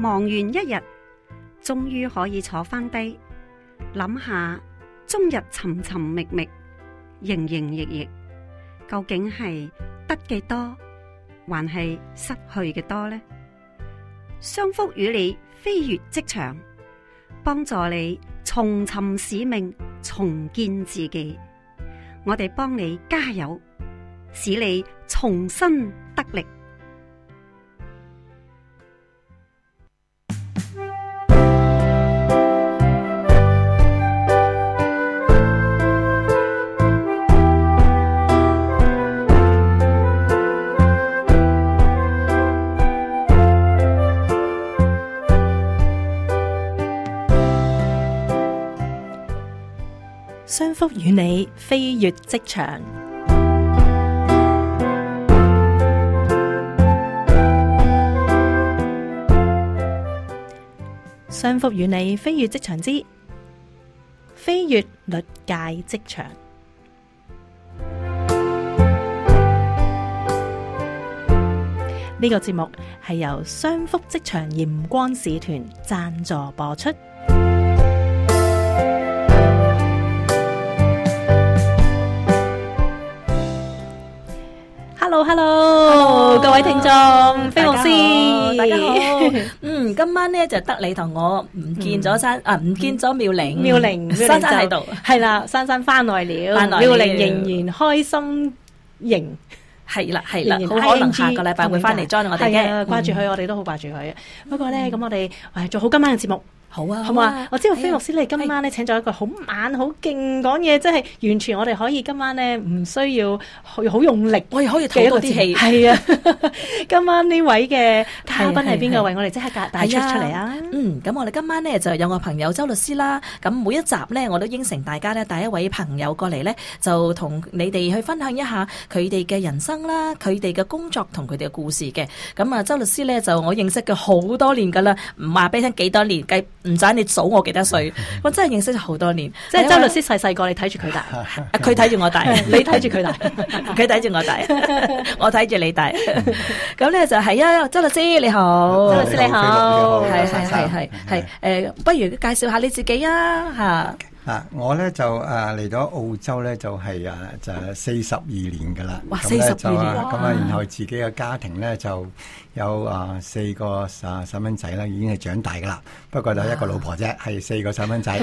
忙完一日，終於可以坐翻低，諗下終日尋尋覓覓，營營役役，究竟係得嘅多，還係失去嘅多呢？商福與你飛越職場，幫助你重尋使命，重建自己。我哋幫你加油，使你重新得力。商福與你飛越職場，商福與你飛越職場之飛越律界職場呢個節目係由商福職場鹽光使團贊助播出。hello，各位聽眾，飛牧師，大家好。嗯，今晚咧就得你同我唔見咗珊啊，唔見咗妙玲。妙玲，珊珊喺度，係啦，珊珊翻來了。妙玲仍然開心型，係啦係啦，可能下個禮拜會翻嚟 join 我哋嘅。掛住佢，我哋都好掛住佢。不過咧，咁我哋誒做好今晚嘅節目。好啊，好啊吧，我知道飛牧師，哎、呀你今晚咧請咗一個好猛、好勁講嘢，是即係完全我哋可以今晚咧唔需要好用力，我、哎、可以吐多啲氣。係啊，哎呀嗯、今晚呢位嘅嘉賓係邊個？為我哋即刻帶出出嚟啊！嗯，咁我哋今晚咧就有我朋友周律師啦。咁每一集咧，我都應承大家咧，帶一位朋友過嚟咧，就同你哋去分享一下佢哋嘅人生啦、佢哋嘅工作同佢哋嘅故事嘅。咁啊，周律師咧就我認識佢好多年噶啦，唔話俾你聽幾多年計。唔使你數我幾多歲，我真係認識咗好多年。即係周律師細細個，你睇住佢大，佢睇住我大，你睇住佢大，佢睇住我大，我睇住你大。咁咧就係啊，周律師你好，周律師你好，係係係係係。誒，不如介紹下你自己啊，吓。啊，我咧就誒嚟咗澳洲咧就係啊就係四十二年噶啦。哇，四十二年。咁啊，然後自己嘅家庭咧就。有啊、呃，四個啊細蚊仔啦，已經係長大噶啦。不過就一個老婆啫，係、啊、四個細蚊仔。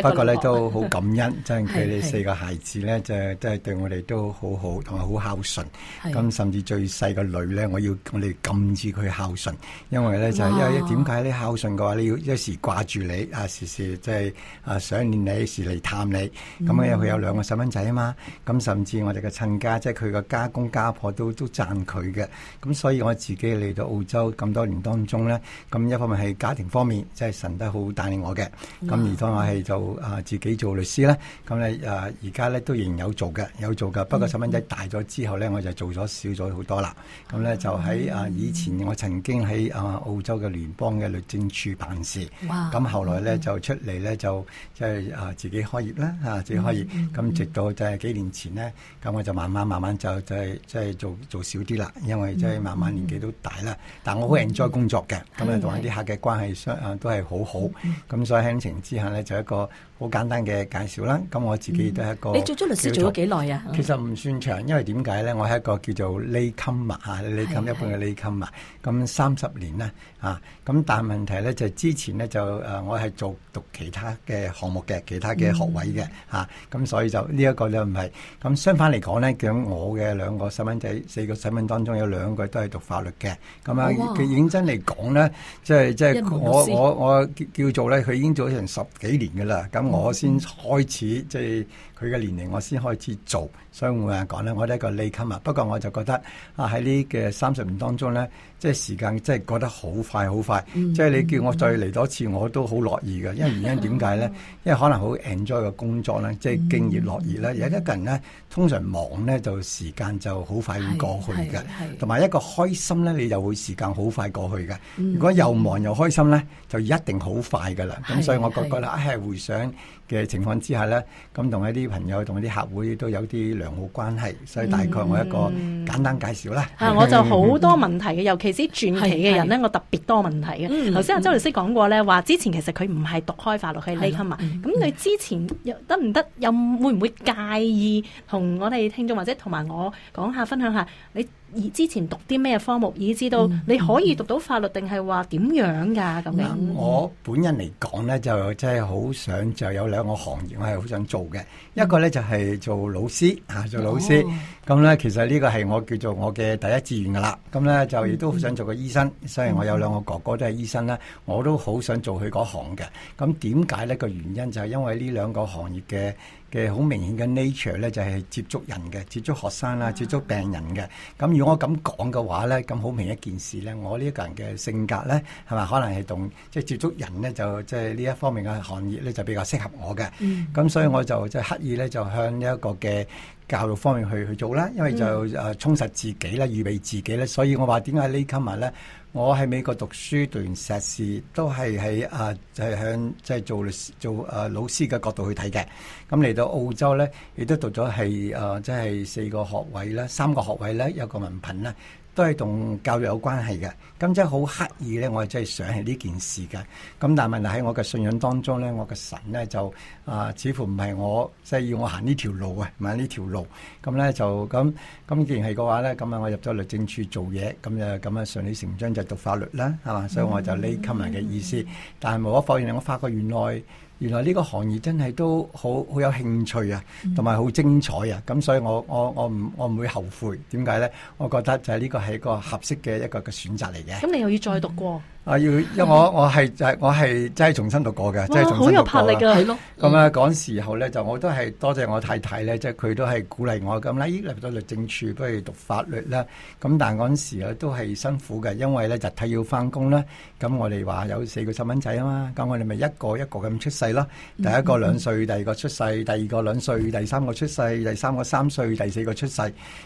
不過咧都好感恩，即係佢哋四個孩子咧，就都係、即係、對我哋都好好，同埋好孝順。咁是甚至最細個女咧，我要我哋禁止佢孝順，因為咧就係、因為點解你孝順嘅話，你要一時掛住你啊，時時即係啊想念你，時嚟探你。咁、嗯、因為佢有兩個細蚊仔啊嘛，咁甚至我哋嘅親家，即係佢嘅家公家婆都都讚佢嘅。咁所以我自己。嚟到澳洲咁多年當中咧，咁一方面係家庭方面，即係神都好帶領我嘅。咁 Yeah, 而當我係就、mm hmm. 啊自己做律師啦，咁咧啊而家咧都仍然有做嘅，有做嘅，不過細蚊仔大咗之後咧，我就做咗少咗好多啦。咁咧、mm hmm. 就喺啊以前我曾經喺啊澳洲嘅聯邦嘅律政處辦事。咁 Wow, 後來咧、mm hmm. 就出嚟咧就即係啊自己開業啦，啊自己開業，咁、啊 mm hmm. 直到即係幾年前咧，咁我就慢慢慢慢就即係即係做、就是、做，做少啲啦，因為即係慢慢年紀都、mm。Hmm. 大啦，但我好 enjoy 工作嘅，咁啊同一啲客嘅關係相啊，都係好好，咁是所以喺呢程之下呢，就一個好簡單嘅介紹啦。咁我自己都係一個，嗯、你做咗律師做咗幾耐啊？其實唔算長，因為點解呢？我係一個叫做 late comer 啊，late comer 一般嘅 late comer 啊，咁三十年呢，啊。咁但係問題呢，就係、之前呢，就誒、呃、我係做讀其他嘅項目嘅，其他嘅學位嘅、嗯、啊，咁所以就呢一、這個呢，唔係。咁相反嚟講呢，講我嘅兩個細蚊仔，四個細蚊當中有兩個都係讀法律嘅，咁啊、哦，佢認真嚟講咧，即係即係我我我叫做咧，佢已經做咗成十幾年嘅啦，咁我先開始即係。 佢嘅年齡，我先開始做，所以呢我話講咧，我都係一個 late comer。不過我就覺得啊，喺呢嘅三十年當中咧，即係時間即係過得好快好快。即係你叫我再嚟多次，我都好樂意嘅，因為原因點解咧？因為可能好 enjoy 個工作咧，即係敬業樂業咧。有啲人咧，通常忙咧就時間就好快會過去嘅，同埋一個開心咧，你就會時間好快過去嘅。嗯、如果又忙又開心咧，就一定好快噶啦。咁所以我覺得咧，係回想嘅情況之下呢，咁同一啲朋友、同一啲客戶都有啲良好關係，所以大概我一個簡單介紹啦。係、嗯， 我就好多問題嘅，尤其是傳奇嘅人呢，是我特別多問題嘅。頭先阿周律師講過呢，話之前其實佢唔係讀開法律係 lawyer 嘛。咁你，你之前又得唔得？又會唔會介意同我哋聽眾或者同埋我講下分享下你？以之前讀啲咩科目，以至到你可以讀到法律定係話點樣噶咁樣？嗯嗯、我本人嚟講呢，就真係好想就有兩個行業，我係好想做嘅。嗯、一個呢，就係做老師，嚇做老師。哦咁咧，其實呢個係我叫做我嘅第一志願㗎喇。咁咧就亦都想做個醫生，雖然、嗯、我有兩個哥哥都係醫生啦，我都好想做佢嗰行嘅。咁點解呢個原因就係因為呢兩個行業嘅嘅好明顯嘅 nature 咧，就係接觸人嘅，接觸學生啦，接觸病人嘅。咁如果我咁講嘅話咧，咁好明顯一件事咧，我呢個人嘅性格咧，係咪可能係同即係接觸人咧，就即係呢一方面嘅行業咧，就比較適合我嘅。咁所以我就即係刻意咧，就向呢一個嘅。教育方面去去做啦，因為就誒充實自己啦，預備自己咧，所以我話點解呢今日咧，我喺美國讀書讀完碩士都係喺啊，就係向即係做律師做誒老師嘅角度去睇嘅。咁嚟到澳洲咧，亦都讀咗係誒，即係四個學位啦，三個學位咧，有個文憑啦。都係同教育有關係嘅，咁即係好刻意咧。我真係想起呢件事嘅，咁但係問題喺我嘅信仰當中咧，我嘅神咧就啊、呃，似乎唔係我即係、就是、要我行呢條路啊，唔係呢條路，咁咧就咁咁，既然係嘅話咧，咁啊我入咗律政處做嘢，咁就咁啊，順理成章就讀法律啦，係嘛？所以我就呢級埋嘅意思，mm hmm. 但係無可否認，我發覺原來。原來呢個行業真係都好好有興趣啊，同埋好精彩啊！咁所以我我我唔我唔會後悔。點解呢？我覺得就係呢個係一個合適嘅一個嘅選擇嚟嘅。咁你又要再讀過、嗯？我要因我我係就係我係真係重新讀過嘅，真係重新讀過啦。好有魄力嘅，係咯。咁啊，嗰陣時候咧，就我都係多謝我太太咧，即係佢都係鼓勵我咁啦。咦，入到律政處，不如讀法律啦。咁但係嗰陣時咧都係辛苦嘅，因為咧日頭要翻工啦。咁我哋話有四個細蚊仔啊嘛，咁我哋咪一個一個咁出世咯。第一個兩歲，第二個出世，第二個兩歲，第三個出世，第三個三歲，第四個出世。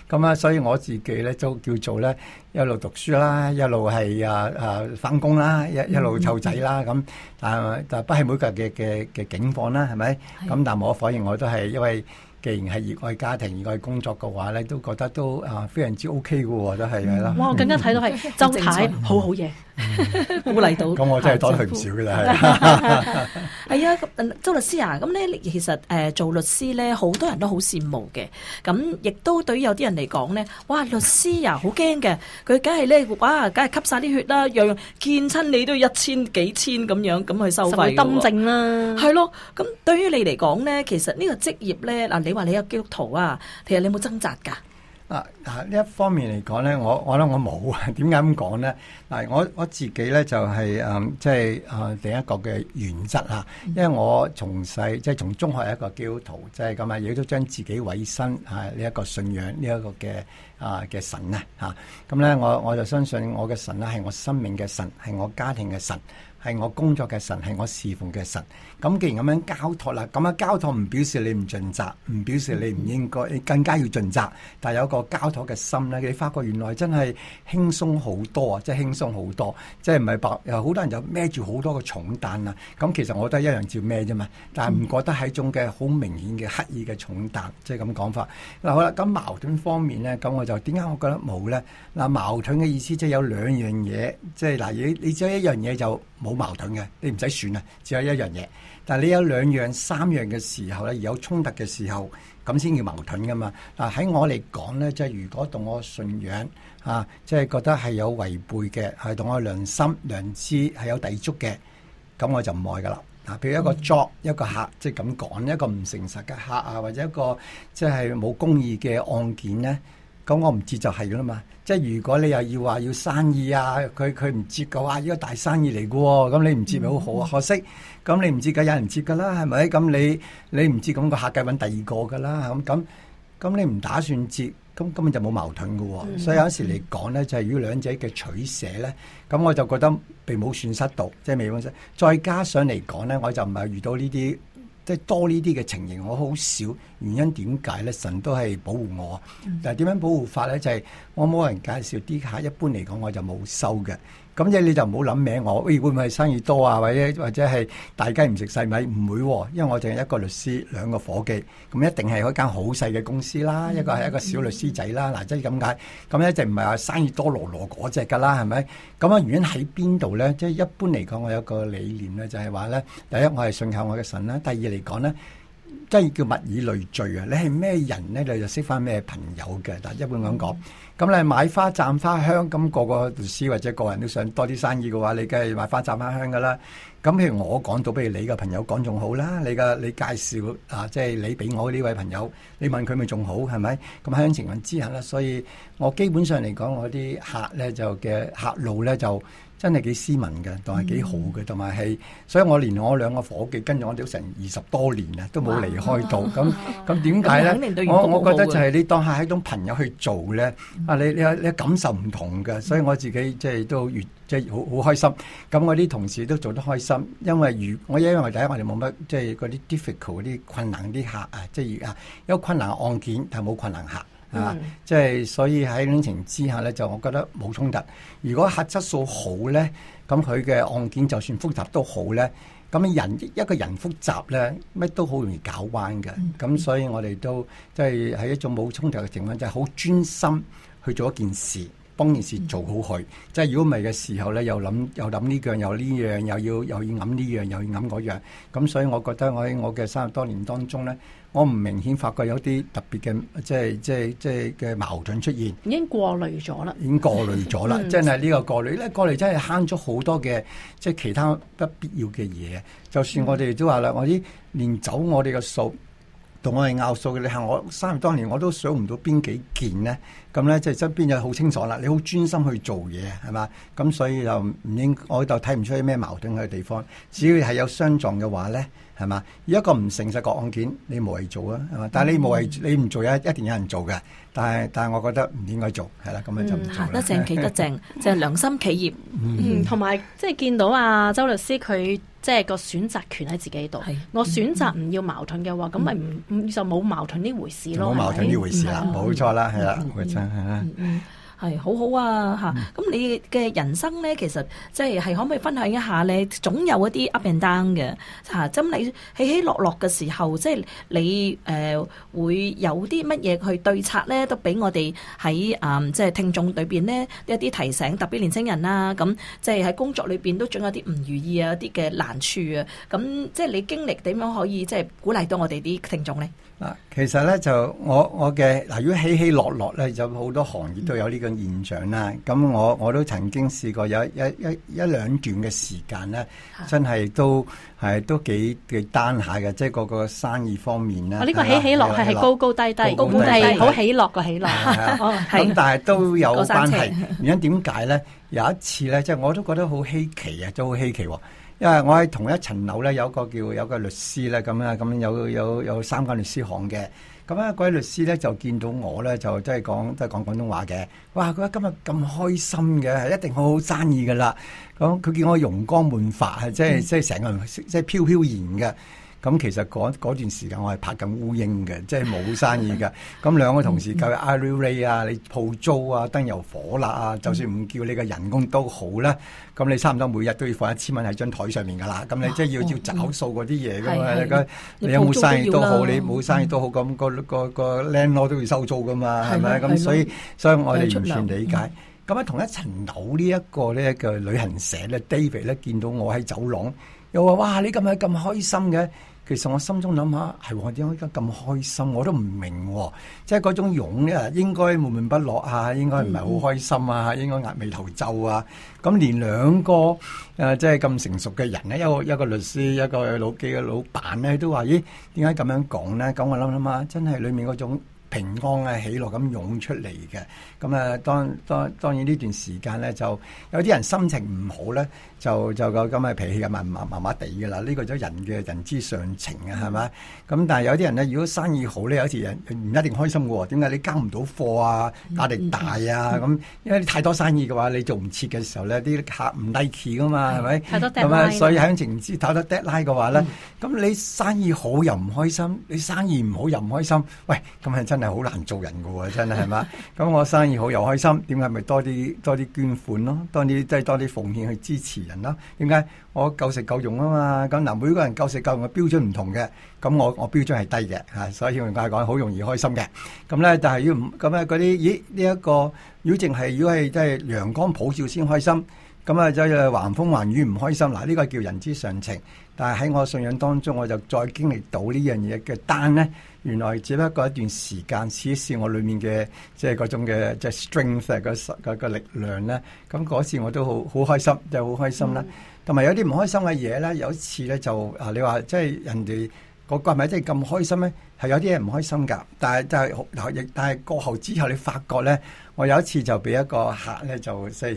咁啊，所以我自己咧都叫做咧一路讀書啦，一路係啊啊翻工。啦、嗯嗯、一一路湊仔啦咁，但但不係每個嘅嘅嘅境況啦，係咪？咁的但係我反而我都係，因為既然係熱愛家庭，熱愛工作嘅話咧，都覺得都啊非常之 OK 嘅喎，都係啦。嗯嗯、哇！我更加睇到係、嗯、周太在好好嘢，嗯。鼓勵、嗯、籲到，咁我真係多佢唔少噶啦，係啊，周律師啊，咁呢其實誒做律師咧，好多人都好羨慕嘅，咁亦都對於有啲人嚟講呢，哇，律師啊，好驚嘅，佢梗係咧，哇梗係吸晒啲血啦，樣樣見親你都要一千幾千咁樣咁去收費嘅，公證啦，係咯，咁對於你嚟講呢，其實個職呢個職業咧，嗱你話你有基督徒啊，其實你有冇掙扎噶？啊！呢一方面嚟講呢，我我諗我冇啊。點解咁講呢？嗱，我我自己呢，就係、是、誒，即係誒第一個嘅原則啊。因為我從細即係從中學係一個基督徒即係咁啊，亦、就是、都將自己委身係呢一個信仰呢一、個嘅啊嘅神啊嚇。咁、嗯、咧，我我就相信我嘅神咧係我生命嘅神，係我家庭嘅神，係我工作嘅神，係我侍奉嘅神。咁既然咁樣交託啦，咁樣交託唔表示你唔盡責，唔表示你唔應該，你更加要盡責。但係有個交託嘅心咧，你發覺原來真係輕鬆好多啊！即係輕鬆好多，即係唔係白？又好多人就孭住好多個重擔啊！咁其實我都一樣照孭啫嘛，但係唔覺得係種嘅好明顯嘅刻意嘅重擔，即係咁講法。嗱好啦，咁矛盾方面咧，咁我就點解我覺得冇咧？嗱，矛盾嘅意思即係有兩樣嘢，即係嗱，你你只有一樣嘢就冇矛盾嘅，你唔使算啊，只有一樣嘢。但係你有兩樣、三樣嘅時候咧，而有衝突嘅時候，咁先叫矛盾噶嘛？嗱、啊、喺我嚟講咧，即係如果同我信仰啊，即係覺得係有違背嘅，係同我良心良知係有抵觸嘅，咁我就唔愛噶啦。嗱、啊，譬如一個 job 一個客，即係咁講一個唔誠實嘅客啊，或者一個即係冇公義嘅案件咧。咁我唔接就係噶啦嘛，即係如果你又要話要生意啊，佢佢唔接嘅話，呢個大生意嚟嘅喎，咁你唔接咪好好啊？嗯、可惜，咁你唔接梗有人接嘅啦，係咪？咁你你唔接，咁、個客計揾第二個嘅啦，咁咁，咁你唔打算接，咁根本就冇矛盾嘅喎、哦。的所以有時嚟講咧，就係、是、如果兩者嘅取捨咧，咁我就覺得並冇損失度，即係未損失。再加上嚟講咧，我就唔係遇到呢啲。即係多呢啲嘅情形，我好少。原因點解咧？神都係保護我。但係點樣保護法咧？就係、是、我冇人介紹。啲客，一般嚟講，我就冇收嘅。咁即係你就唔好諗名我，誒、哎、會唔會生意多啊？或者或者係大雞唔食細米，唔會、啊，因為我淨係一個律師，兩個伙計，咁一定係一間好細嘅公司啦。一個係一個小律師仔啦，嗱即係咁解。咁一直唔係話生意多羅羅嗰隻噶啦，係咪？咁啊原因喺邊度咧？即係一般嚟講，我有個理念咧，就係話咧，第一我係信靠我嘅神啦。第二嚟講咧，即係叫物以類聚啊！你係咩人咧，你就識翻咩朋友嘅。嗱，一般咁講。嗯咁你、嗯、買花讚花香，咁、那個個律師或者個人都想多啲生意嘅話，你梗係買花讚花香㗎啦。咁、嗯、譬如我講到，不如你嘅朋友講仲好啦。你嘅你介紹啊，即、就、係、是、你俾我呢位朋友，你問佢咪仲好，係咪？咁喺咁情況之下呢，所以我基本上嚟講，我啲客呢，就嘅客路呢，就呢。就真係幾斯文嘅，同係幾好嘅，同埋係，所以我連我兩個伙計跟住我哋成二十多年啊，都冇離開到。咁咁點解咧？呢我我覺得就係你當下係一種朋友去做咧，啊、嗯、你你你感受唔同嘅，所以我自己即係都越即係好好開心。咁我啲同事都做得開心，因為如我因為第一我哋冇乜即係嗰啲 difficult 嗰啲困難啲客啊，即係啊有困難案件，但係冇困難客。啊！即係、就是、所以喺呢情之下呢，就我覺得冇衝突。如果核質素好呢，咁佢嘅案件就算複雜都好呢，咁人一個人複雜呢，乜都好容易搞彎嘅。咁所以我哋都即係喺一種冇衝突嘅情況，就係、是、好專心去做一件事。幫件事做好佢，嗯、即係如果唔係嘅時候咧，又諗又諗呢樣又呢樣，又要又要諗呢樣又要諗嗰樣，咁所以我覺得我喺我嘅三十多年當中咧，我唔明顯發覺有啲特別嘅，即係即係即係嘅矛盾出現。嗯、已經過濾咗啦，已經、嗯、過濾咗啦，即係呢個過濾咧，過濾真係慳咗好多嘅，即係其他不必要嘅嘢。就算我哋都話啦，嗯、我啲連走我哋嘅數，同我哋拗數嘅，你係我三十多年我都想唔到邊幾件呢。咁呢，即係側邊就好清楚啦。你好專心去做嘢，係嘛？咁所以就唔應該，我就睇唔出咩矛盾嘅地方。只要係有相撞嘅話呢，係嘛？一個唔誠實個案件，你無謂做啊，係嘛？但係你無謂你唔做，一一定有人做嘅。但係但係，我覺得唔應該做，係啦，咁樣就唔做啦。行得正，企得正，就係良心企業。嗯，同埋即係見到啊，周律師佢即係個選擇權喺自己度。我選擇唔要矛盾嘅話，咁咪唔就冇矛盾呢回事咯。冇矛盾呢回事啦，冇錯啦，係啦，魏生。係好好啊嚇！咁、嗯、你嘅人生咧，其實即係係可唔可以分享一下咧？總有一啲 up and down 嘅嚇。咁、啊就是、你起起落落嘅時候，即、就、係、是、你誒、呃、會有啲乜嘢去對策咧？都俾我哋喺誒即係聽眾裏邊咧一啲提醒，特別年青人啦、啊。咁即係喺工作裏邊都總有啲唔如意啊，一啲嘅難處啊。咁即係你經歷點樣可以即係、就是、鼓勵到我哋啲聽眾咧？其實咧就我我嘅嗱，如果起起落落咧，有好多行業都有呢個現象啦。咁我我都曾經試過有一一一兩段嘅時間咧，真係都係都幾幾單下嘅，即係個個生意方面咧。呢個起起落落係高高低低，高高低低好起落個起落。咁、哦、但係都有關係。原因點解咧？有一次咧，即、就、係、是、我都覺得好稀奇啊，都好稀奇喎。因為我喺同一層樓咧，有一個叫有一個律師咧，咁啊，咁有有有三間律師行嘅，咁咧嗰位律師咧就見到我咧，就即係講即係、即係講，即係、講廣東話嘅，哇！佢話今日咁開心嘅，係一定好好生意㗎喇。咁佢見我容光煥發，係、嗯、即係即係成個人即係飄飄然嘅。咁其實嗰段時間我係拍緊烏蠅嘅，即係冇生意噶。咁 兩個同事計 Irelay 啊，你鋪租啊，燈油火蠟啊， 就算唔叫你個人工都好啦。咁你差唔多每日都要放一千蚊喺張台上面㗎啦。咁你即係要照找數嗰啲嘢㗎嘛？啊哦嗯、你有冇生意都好，是是你冇生意都好，咁、嗯那個個個 landlord 都要收租㗎嘛？係咪？咁所以所以我哋完全理解。咁喺同一層樓呢一個呢個旅行社咧，David 咧見到我喺走廊，又話：哇，你咁樣咁開心嘅！其實我心中諗下，係我點解而家咁開心？我都唔明、哦，即係嗰種涌咧，應該悶悶不樂、嗯、啊，應該唔係好開心啊，應該壓眉頭皺啊。咁連兩個誒，即係咁成熟嘅人咧，嗯、一個一個律師，一個老記嘅老闆咧，都話：咦，點解咁樣講呢？咁我諗諗下，真係裏面嗰種平安啊、喜樂咁湧出嚟嘅。咁啊，當當當然呢段時間咧，就有啲人心情唔好咧。就就個咁嘅脾氣咁，麻麻麻麻地嘅啦。呢個就人嘅人之常情啊，係咪？咁但係有啲人咧，如果生意好咧，有時人唔一定開心嘅喎。點解你交唔到貨啊？壓力大啊？咁、嗯嗯、因為你太多生意嘅話，你做唔切嘅時候咧，啲客唔 like 嘅嘛，係咪、嗯？太多 d e 咁所以喺情資打得 deadline 嘅話咧，咁、嗯、你生意好又唔開心，你生意唔好又唔開心，喂，咁係真係好難做人嘅喎、啊，真係係嘛？咁 我生意好又開心，是是點解咪多啲多啲捐款咯、啊，多啲即係多啲奉獻去支持。啦，點解我夠食夠用啊嘛？咁嗱，每個人夠食夠用嘅標準唔同嘅，咁我我標準係低嘅，嚇，所以用家講好容易開心嘅。咁咧，但係要唔咁咧嗰啲，咦？呢、這、一個要淨係如果係即係陽光普照先開心，咁啊就橫風橫雨唔開心。嗱，呢、這個叫人之常情，但係喺我信仰當中，我就再經歷到呢樣嘢嘅單咧。原來只不過一段時間，試一試我裏面嘅即係嗰種嘅即係、就是、strength，、那個那個、力量咧。咁嗰次我都好好開心，就好、是、開心啦。同埋、嗯、有啲唔開心嘅嘢咧。有一次咧就啊，你話即係人哋、那個係咪真係咁開心咧，係有啲嘢唔開心㗎。但係就係嗱，亦但係過後之後你發覺咧。我有一次就俾一個客咧，就即、是、係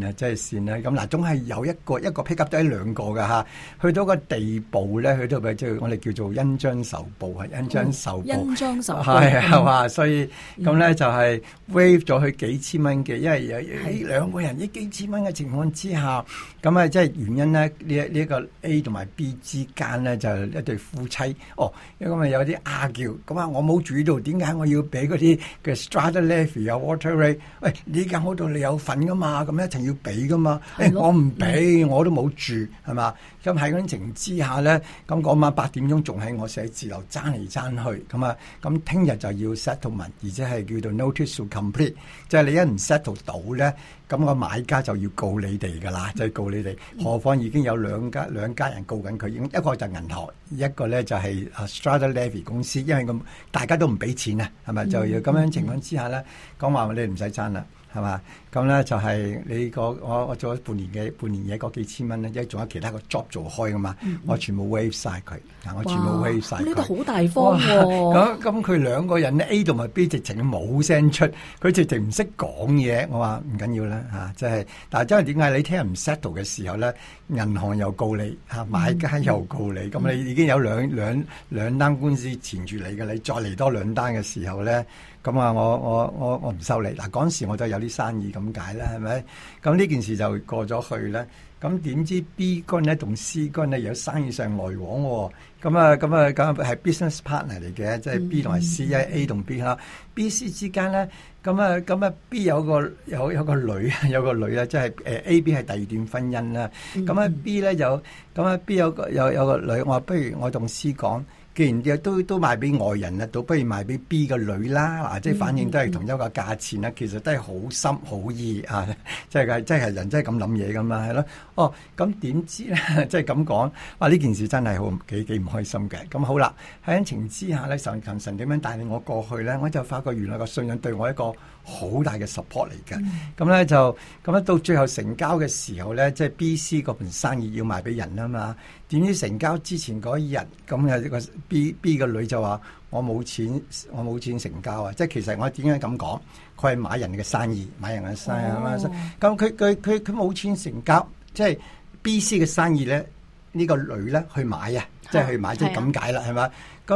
善啊，即、就、係、是、善啦。咁嗱，總係有一個一個 pick up 得一兩個嘅吓，去到個地步咧，去到咪即係我哋叫做恩將仇報，係恩將仇報。恩將仇報係啊嘛，所以咁咧、嗯、就係 wave 咗佢幾千蚊嘅，因為喺、嗯、兩個人一幾千蚊嘅情況之下，咁啊即係原因咧呢呢、呢個 A 同埋 B 之間咧就係、一對夫妻。哦，因為有啲拗撬，咁啊我冇注意到點解我要俾嗰啲嘅 strata levy 啊 water。喂，你間嗰度你有份噶嘛？咁一定要俾噶嘛？誒的、欸，我唔俾，我都冇住，係嘛？咁喺嗰種情之下呢，咁嗰晚八點鐘仲喺我寫字樓爭嚟爭去，咁啊，咁聽日就要 settlement，而且係叫做 notice to complete，即係你一唔 settle 到呢，咁個買家就要告你哋噶啦，就係告你哋。何況已經有兩家兩家人告緊佢，一一個就銀行，一個呢就係 Strata Levy 公司，因為個大家都唔俾錢啊，係咪就要咁樣情況之下呢，講話你哋唔使爭啦，係嘛？咁咧就係你個我我做咗半年嘅半年嘢嗰幾千蚊咧，即係仲有其他個 job 做開噶嘛，我全部 wave 曬佢，嗱我全部 wave 曬佢。咁你好大方喎。咁咁佢兩個人呢 A 同埋 B 直情冇聲出，佢直情唔識講嘢。我話唔緊要啦嚇，即係，但係真係點解你聽日唔 settle 嘅時候咧，銀行又告你嚇、啊，買家又告你、啊，咁你已經有兩兩兩單官司纏住你嘅，你再嚟多兩單嘅時候咧，咁啊我我我我唔收你嗱嗰陣時我都有啲生意咁。點解咧？係咪？咁呢件事就過咗去咧？咁點知 B 君咧同 C 君咧有生意上來往喎、哦？咁啊咁啊咁係 business partner 嚟嘅，即、就、係、是、B 同埋 C，即 A 同 B 啦。B、C 之間咧，咁啊咁啊 B 有個有有個女，有個女啊，即係誒 A、就是、B 係第二段婚姻啦。咁啊、嗯、B 咧有咁啊 B 有個有有個女，我話不如我同 C 講。既然都都賣俾外人啦，倒不如賣俾 B 嘅女啦，嗱、啊，即係反應都係同一個價錢啦，嗯嗯、其實都係好心好意啊，即係即係人真係咁諗嘢㗎嘛？係咯。哦，咁點知咧？即係咁講，哇、啊！呢件事真係好幾幾唔開心嘅。咁好啦，喺恩情之下呢，神神神點樣帶領我過去呢？我就發覺原來個信任對我一個，好大嘅 support 嚟㗎，咁咧、mm hmm. 就咁咧到最後成交嘅時候咧，即係 B C 嗰盤生意要賣俾人啦嘛。點知成交之前嗰一日，咁啊個 B B 個女就話：我冇錢，我冇錢成交啊！即係其實我點解咁講？佢係買人嘅生意，買人嘅生意係嘛？咁佢佢佢佢冇錢成交，即係 B C 嘅生意咧，呢個女咧去買啊，即係、oh. 去買即係咁解啦，係嘛 Yeah.？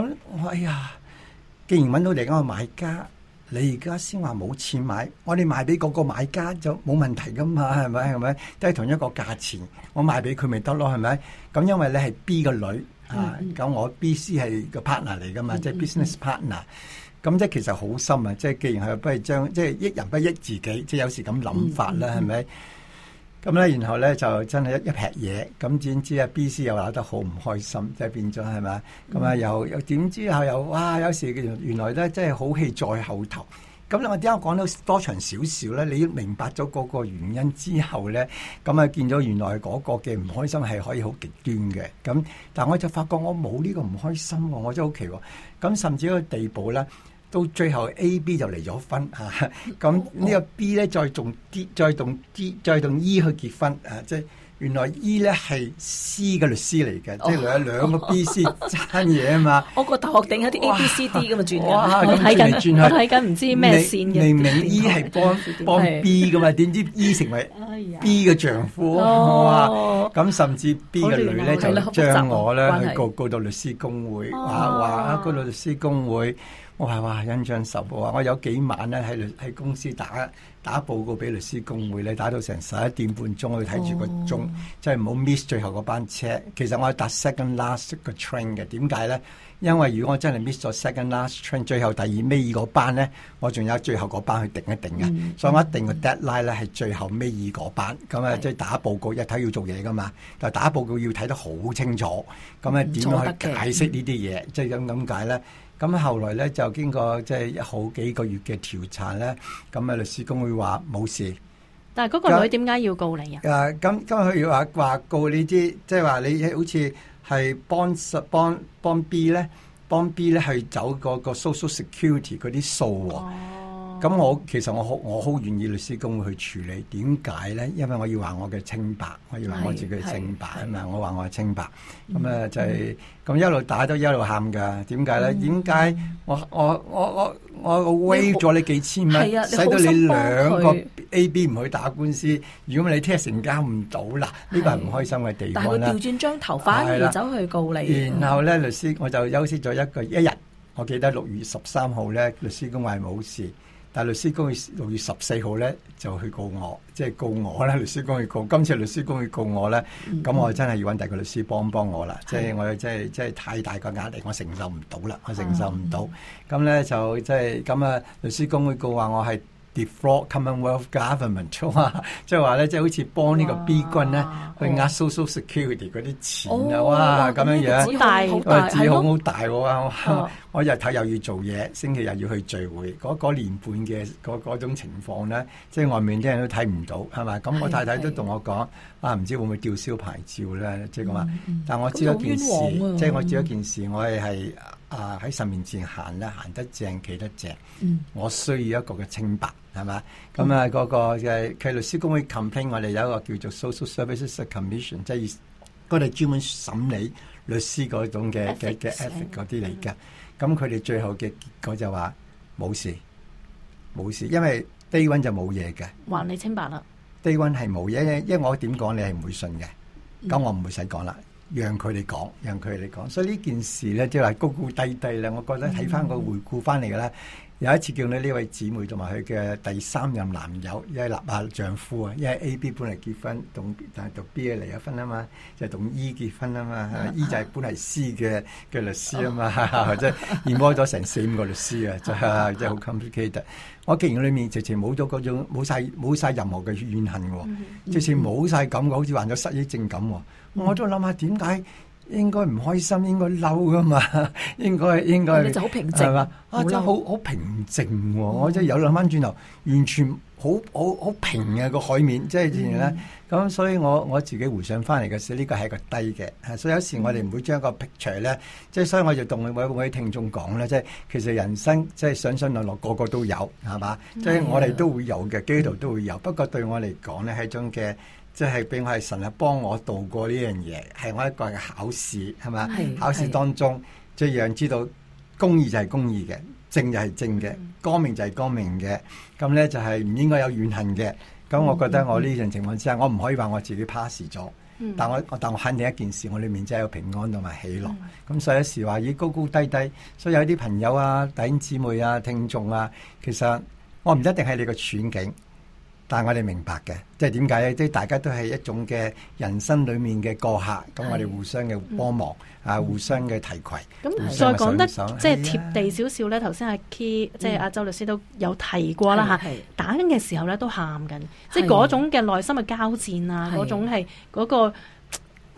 咁我哎呀，既然揾到另一個買家。你而家先話冇錢買，我哋賣俾嗰個買家就冇問題噶嘛，係咪？係咪？都係同一個價錢，我賣俾佢咪得咯，係咪？咁因為你係 B 個女、嗯、啊，咁我 BC 係個 partner 嚟噶嘛，即係、嗯、business partner、嗯。咁即係其實好深啊！即係既然係，不如將即係益人不益自己，即係有時咁諗法啦，係咪、嗯？嗯。咁咧，然後咧就真係一一劈嘢，咁點知啊 B、C 又鬧得好唔開心，即係變咗係咪？咁啊又又點知後又哇？有時原來咧真係好戲在後頭。咁你我點解講到多長少少咧，你明白咗嗰個原因之後咧，咁啊見咗原來係嗰個嘅唔開心係可以好極端嘅。咁但我就發覺我冇呢個唔開心喎，我真係好奇喎。咁甚至一個地步咧。到最後 A、B 就離咗婚嚇，咁呢個 B 咧再同啲，再同啲，再同 E 去結婚啊！即係原來 E 咧係 C 嘅律師嚟嘅，即係兩兩個 B、C 爭嘢啊嘛！我個大學頂下啲 A、B、C、D 咁啊轉嘅，我睇緊，我睇緊唔知咩線嘅。明明 E 係幫幫 B 嘅嘛，點知 E 成為 B 嘅丈夫啊？咁甚至 B 嘅女咧就將我咧去告告到律師公會啊！話啊個律師公會。我係哇，印象深刻。我有幾晚咧喺喺公司打打報告俾律師公會咧，打到成十一點半鐘，我要睇住個鐘，oh. 即係唔好 miss 最後嗰班車。其實我係搭 second last 個 train 嘅。點解咧？因為如果我真係 miss 咗 second last train，最後第二尾二班咧，我仲有最後嗰班去定一定嘅。Mm hmm. 所以我一定個 deadline 咧係最後尾二嗰班。咁啊、mm，即、hmm. 係打報告一睇、mm hmm. 要，要做嘢㗎嘛。但係打報告要睇得好清楚。咁啊，點、mm hmm. 嗯、樣去解釋呢啲嘢？即係咁咁解咧？咁後來咧就經過即係好幾個月嘅調查咧，咁啊，律師公會話冇事。但係嗰個女點解要告你啊？誒、啊，咁咁佢話，話告你啲，即係話你好似係幫幫幫 B 咧，幫 B 咧去走嗰個 social security 嗰啲數喎。哦咁我其實我好我好願意律師公去處理，點解咧？因為我要話我嘅清白，我要話我自己嘅清白啊嘛！我話我係清白，咁啊、嗯、就係、是、咁一路打都一路喊噶。點解咧？點解、嗯、我我我我我威咗你幾千蚊，啊、使到你兩個 A B 唔去打官司。如果唔你聽日成交唔到啦，呢個係唔開心嘅地方。啦。但係我調轉張頭，反而走去告你。嗯、然後咧，律師我就休息咗一個一日。我記得六月十三號咧，律師公話冇事。但律師公會六月十四號咧就去告我，即係告我啦！律師公會告今次律師公會告我咧，咁、mm hmm. 我真係要搵第二個律師幫幫我啦、mm hmm.！即係我真係真係太大個壓力，我承受唔到啦，我承受唔到。咁咧、mm hmm. 就即係咁啊！律師公會告話我係。Defraud Commonwealth Government，即係話咧，即係好似幫呢個 B 君咧去壓 social security 嗰啲錢啊！哇，咁樣樣，好大，負擔好大喎！嗎我日頭又要做嘢，星期日又要去聚會，嗰年半嘅嗰種情況咧，即係外面啲人都睇唔到，係咪？咁我太太都同我講，是是啊唔知會唔會吊銷牌照咧？即係講話，嗯、但係我知道件事，即係、嗯嗯、我知道件事，我哋係。啊！喺十年前行咧，行得正，企得正。嗯、我需要一個嘅清白，係咪？咁啊、嗯，嗰個嘅佢律師公會 complain 我哋有一個叫做 social services commission，即係嗰啲專門審理律師嗰種嘅嘅嘅 ethic 嗰啲嚟嘅。咁佢哋最後嘅結果就話冇事，冇事，因為低 a 就冇嘢嘅。還你清白啦低 a y 係冇嘢，因為我點講你係唔會信嘅，咁、嗯、我唔會使講啦。讓佢哋講，讓佢哋講，所以呢件事咧，即係高高低低啦。我覺得睇翻個回顧翻嚟嘅啦。嗯有一次叫你呢位姊妹同埋佢嘅第三任男友，亦係立下丈夫啊，因為 A B 本嚟結婚，讀但係讀 B 啊離咗婚啊嘛，就同 E 結婚啊嘛、uh huh.，E 就係本嚟 C 嘅嘅律師啊嘛，即係演魔咗成四五個律師啊，真係好 complicated。我記憶裏面直情冇咗嗰種冇晒冇曬任何嘅怨恨嘅，uh huh. 直情冇晒感覺，好似患咗失憶症咁。我都諗下點解？應該唔開心，應該嬲㗎嘛？應該應該，你就好平靜係嘛？啊，真係好好平靜喎！我即係有兩翻轉頭，完全好好好平嘅個海面，即係自然咧？咁所以我我自己回想翻嚟嘅時，呢個係一個低嘅。所以有時我哋唔會將個 picture 咧，即係所以我就同每位聽眾講咧，即係其實人生即係上上落落，個個都有係嘛？即係我哋都會有嘅，基督徒都會有。不過對我嚟講咧，係一種嘅。即係俾我係神啊，幫我度過呢樣嘢，係我一個人嘅考試，係嘛？考試當中，最讓知道公義就係公義嘅，正就係正嘅，光明就係光明嘅。咁咧就係唔應該有怨恨嘅。咁我覺得我呢樣情況之下，我唔可以話我自己 pass 咗。嗯、但我但我肯定一件事，我裏面真係有平安同埋喜樂。咁、嗯、所以有時話咦高高低低，所以有啲朋友啊、弟兄姊妹啊、聽眾啊，其實我唔一定係你嘅處境。但係我哋明白嘅，即係點解咧？即係大家都係一種嘅人生裏面嘅過客，咁我哋互相嘅幫忙啊，互相嘅提携。咁再講得即係貼地少少咧，頭先阿 Key，即係阿周律師都有提過啦嚇。打緊嘅時候咧，都喊緊，即係嗰種嘅內心嘅交戰啊，嗰種係嗰個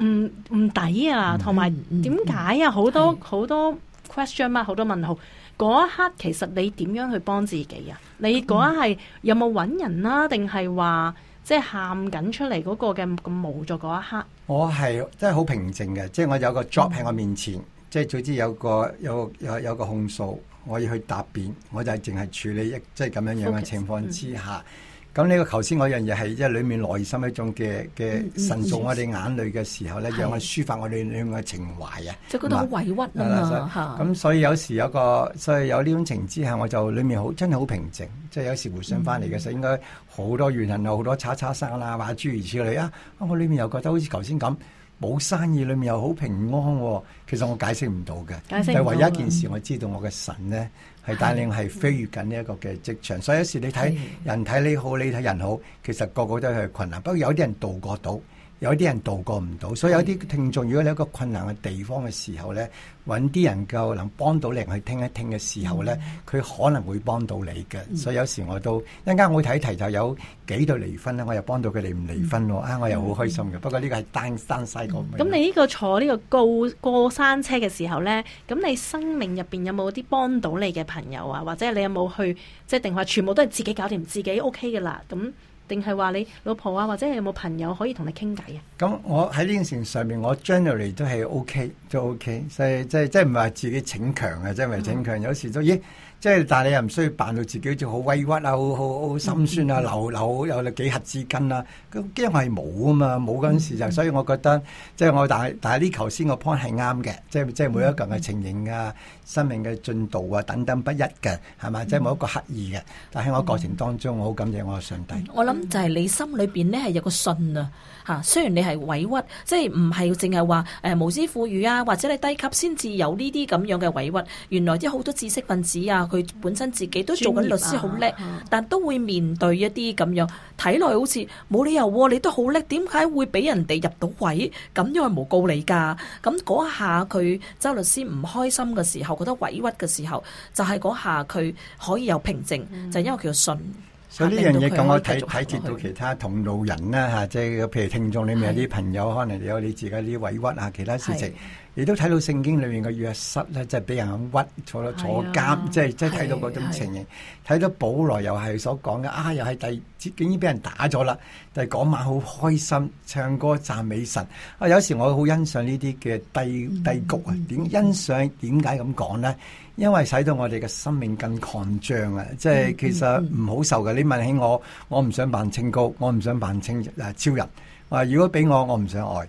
唔唔抵啊，同埋點解啊？好多好多 question mark，好多問號。嗰一刻，其實你點樣去幫自己啊？你嗰一係有冇揾人啦，啊，定係話即係喊緊出嚟嗰個嘅咁無助嗰一刻？我係真係好平靜嘅，即係我有個 job 喺、嗯、我面前，即係總之有個有個有有個控訴，我要去答辯，我就係淨係處理一即係咁樣樣嘅情況之下。Focus，嗯咁呢個頭先嗰樣嘢係即係裡面內心一種嘅嘅慎重，我哋眼淚嘅時候咧，嗯、讓我抒發我哋裡面嘅情懷啊，就係覺得好委屈啊！咁所以有時有個，所以有呢種情之下，我就裡面好真係好平靜。即、就、係、是、有時回想翻嚟嘅時候，嗯、應該好多怨恨啊，好多叉叉生啦，或者諸如此類啊，我裡面又覺得好似頭先咁。冇生意裏面又好平安、哦，其實我解釋唔到嘅。就唯一一件事，我知道我嘅神呢係帶領係飛越緊呢一個嘅職場，的所以有時你睇的人睇你好，你睇人好，其實個個都係困難。不過有啲人渡過到。有啲人渡過唔到，所以有啲聽眾，如果你有一個困難嘅地方嘅時候呢，揾啲人夾能幫到你去聽一聽嘅時候呢，佢、嗯、可能會幫到你嘅。所以有時我都一陣間我睇題就有幾對離婚呢，我又幫到佢離唔離婚喎、嗯、啊，我又好開心嘅。不過呢個係單單細個。咁、嗯、你呢個坐呢個高過山車嘅時候呢，咁你生命入邊有冇啲幫到你嘅朋友啊，或者你有冇去即係定話全部都係自己搞掂自己 OK 嘅啦？咁？定係話你老婆啊，或者係有冇朋友可以同你傾偈啊？咁我喺呢件事情上面，我 generally 都係 OK，都 OK，所以即係即係唔係自己逞強啊，即係咪係逞強，有時都咦。即係，但係你又唔需要扮到自己好似好委屈啊，好好好心酸啊，流流有幾盒紙巾啊。咁因為冇啊嘛，冇嗰陣時就，嗯、所以我覺得即係、就是、我但係但係呢頭先個 point 係啱嘅，即係即係每一個人嘅情形啊、生命嘅進度啊等等不一嘅，係咪？即係冇一個刻意嘅，但喺我過程當中，我好感謝我嘅上帝。我諗就係你心裏邊呢，係有個信啊。嚇！雖然你係委屈，即係唔係淨係話誒無資富裕啊，或者你低級先至有呢啲咁樣嘅委屈。原來啲好多知識分子啊，佢本身自己都做緊律師好叻，但都會面對一啲咁樣睇落好似冇理由啊，你都好叻，點解會俾人哋入到位咁樣誣告你㗎？咁嗰下佢周律師唔開心嘅時候，覺得委屈嘅時候，就係、係、嗰下佢可以有平靜，就係、因為佢信。所以呢樣嘢講，我睇，睇貼到其他同路人啦嚇，即係譬如聽眾裏面有啲朋友，是可能有你自己啲委屈啊，其他事情，亦是都睇到聖經裏面嘅約瑟咧，即係俾人咁屈，坐咗坐監，即係即係睇到嗰種情形。睇、啊、到保羅又係所講嘅啊，又係第竟然俾人打咗啦，但係嗰晚好開心，唱歌讚美神。啊，有時我好欣賞呢啲嘅低低谷啊，點、嗯嗯、欣賞？點解咁講呢？因為使到我哋嘅生命更擴張啊。即係其實唔好受嘅。你問起我，我唔想扮清高，我唔想扮清誒超人。話如果俾我，我唔想愛，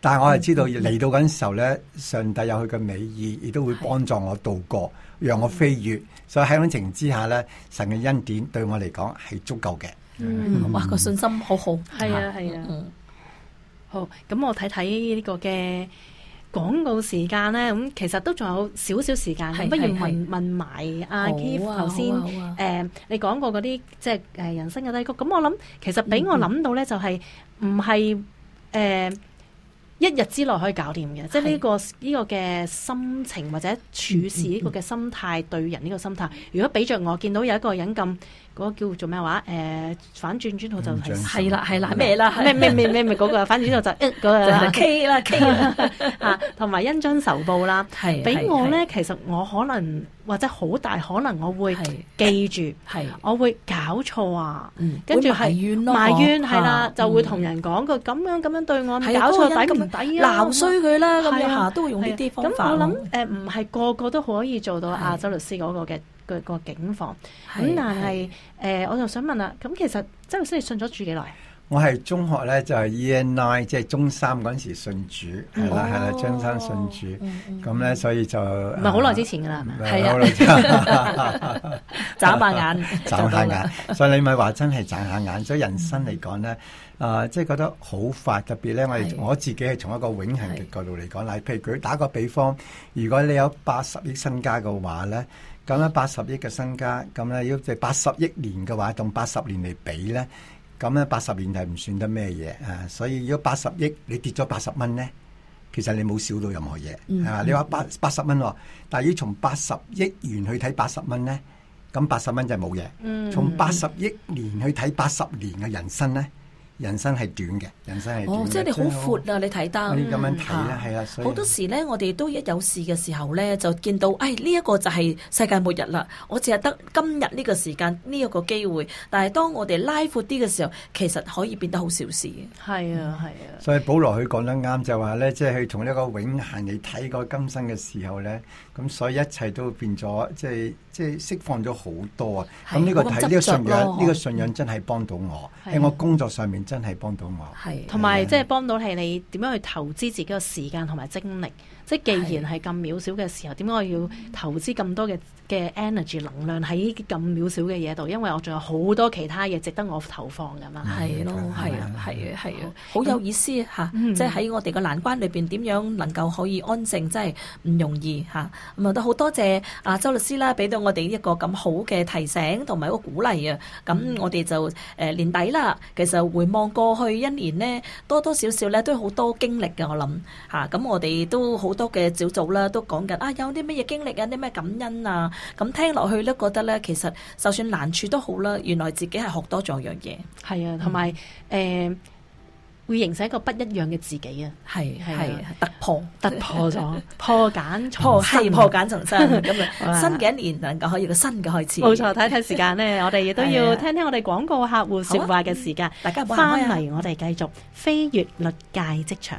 但係我係知道嚟到嗰陣時候咧，嗯嗯、上帝有佢嘅美意，亦都會幫助我度過，是讓我飛越。所以喺嗰種情之下咧，神嘅恩典對我嚟講係足夠嘅。嗯，哇，個信心好好，係、嗯、啊，係啊。嗯、好。咁我睇睇呢個嘅。廣告時間呢，咁其實都仲有少少時間，不如問問埋阿 K 頭先，誒你講過嗰啲即係誒人生嘅低谷。咁我諗其實俾我諗到呢，就係唔係誒一日之內可以搞掂嘅，即係呢個呢個嘅心情或者處事呢個嘅心態對人呢個心態。如果俾著我見到有一個人咁。嗰個叫做咩話？誒反轉轉頭就係係啦係啦咩啦咩咩咩咩咩嗰個反轉就就誒嗰個 K 啦 K 同埋恩將仇報啦。係俾我咧，其實我可能或者好大可能，我會記住，係我會搞錯啊。跟住係埋怨係啦，就會同人講佢咁樣咁樣對我，搞錯抵唔抵啊？鬧衰佢啦咁樣，都會用呢啲方法。咁我諗誒，唔係個個都可以做到阿周律師嗰個嘅。個個警防咁，但係誒，我就想問啦。咁其實周生你信咗住幾耐？我係中學咧就係 E N I，即係中三嗰陣時信主係啦係啦，張生信主咁咧，所以就唔係好耐之前噶啦，係咪？係啊，眨下眼，眨下眼。所以你咪話真係眨下眼。所以人生嚟講咧，誒，即係覺得好快。特別咧，我我自己係從一個永恆嘅角度嚟講，例如譬如打個比方，如果你有八十億身家嘅話咧。咁咧八十億嘅身家，咁咧如果即係八十億年嘅話，同八十年嚟比咧，咁咧八十年係唔算得咩嘢啊？所以如果八十億你跌咗八十蚊咧，其實你冇少到任何嘢，係嘛、嗯？你話八八十蚊喎，但係要從八十億元去睇八十蚊咧，咁八十蚊就係冇嘢。從八十億年去睇八十年嘅人生咧。人生係短嘅，人生係短嘅。哦，即係你好闊啊！你睇得，你咁樣睇咧，係啊，好多時呢，我哋都一有事嘅時候呢，就見到，哎，呢一個就係世界末日啦！我淨係得今日呢個時間呢一個機會，但係當我哋拉闊啲嘅時候，其實可以變得好小事嘅。係啊，係啊、嗯。所以保羅佢講得啱，就話呢，即係佢同呢個永恆你睇過今生嘅時候呢。咁、嗯、所以一切都變咗，即係即係釋放咗好多啊！咁呢是、這個睇呢個,個信仰，呢、嗯、個信仰真係幫到我喺是我工作上面真係幫到我，係同埋即係幫到係你點樣去投資自己個時間同埋精力。即係既然係咁渺小嘅時候，點解我要投資咁多嘅嘅 energy 能量喺咁渺小嘅嘢度？因為我仲有好多其他嘢值得我投放㗎嘛。係咯、嗯，係啊，係啊，係啊，好那有意思吓，即係喺我哋個難關裏邊點樣能夠可以安靜，真係唔容易吓，咁啊，都、嗯、好、嗯、多謝阿周律師啦，俾到我哋一個咁好嘅提醒同埋一個鼓勵啊。咁、嗯啊、我哋就誒、呃、年底啦，其實回望過去一年咧，多多少少咧都好多經歷嘅，我諗吓，咁、啊、我哋都好。好多嘅小組啦，都講緊啊，有啲咩嘢經歷啊，啲咩感恩啊，咁、啊、聽落去都覺得咧，其實就算難處都好啦，原來自己係學多咗樣嘢，係啊，同埋誒會形成一個不一樣嘅自己啊，係係、啊、突破突破咗 破繭重破繭重生咁 新嘅一年能夠可以個新嘅開始，冇錯、 啊，睇睇時間咧，我哋亦都要聽聽我哋廣告客戶說話嘅時間、啊嗯，大家翻嚟我哋繼續飛越律界職場。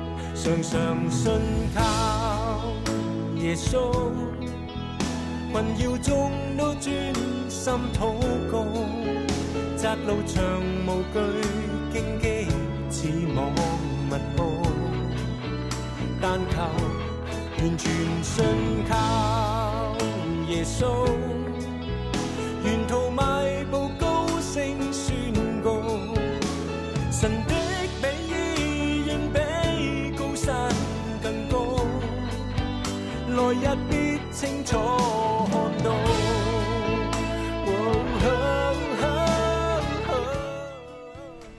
常常信靠耶穌，困擾中都專心禱告，窄路長無懼荊棘似網密佈，但求完全信靠耶穌。清楚看到，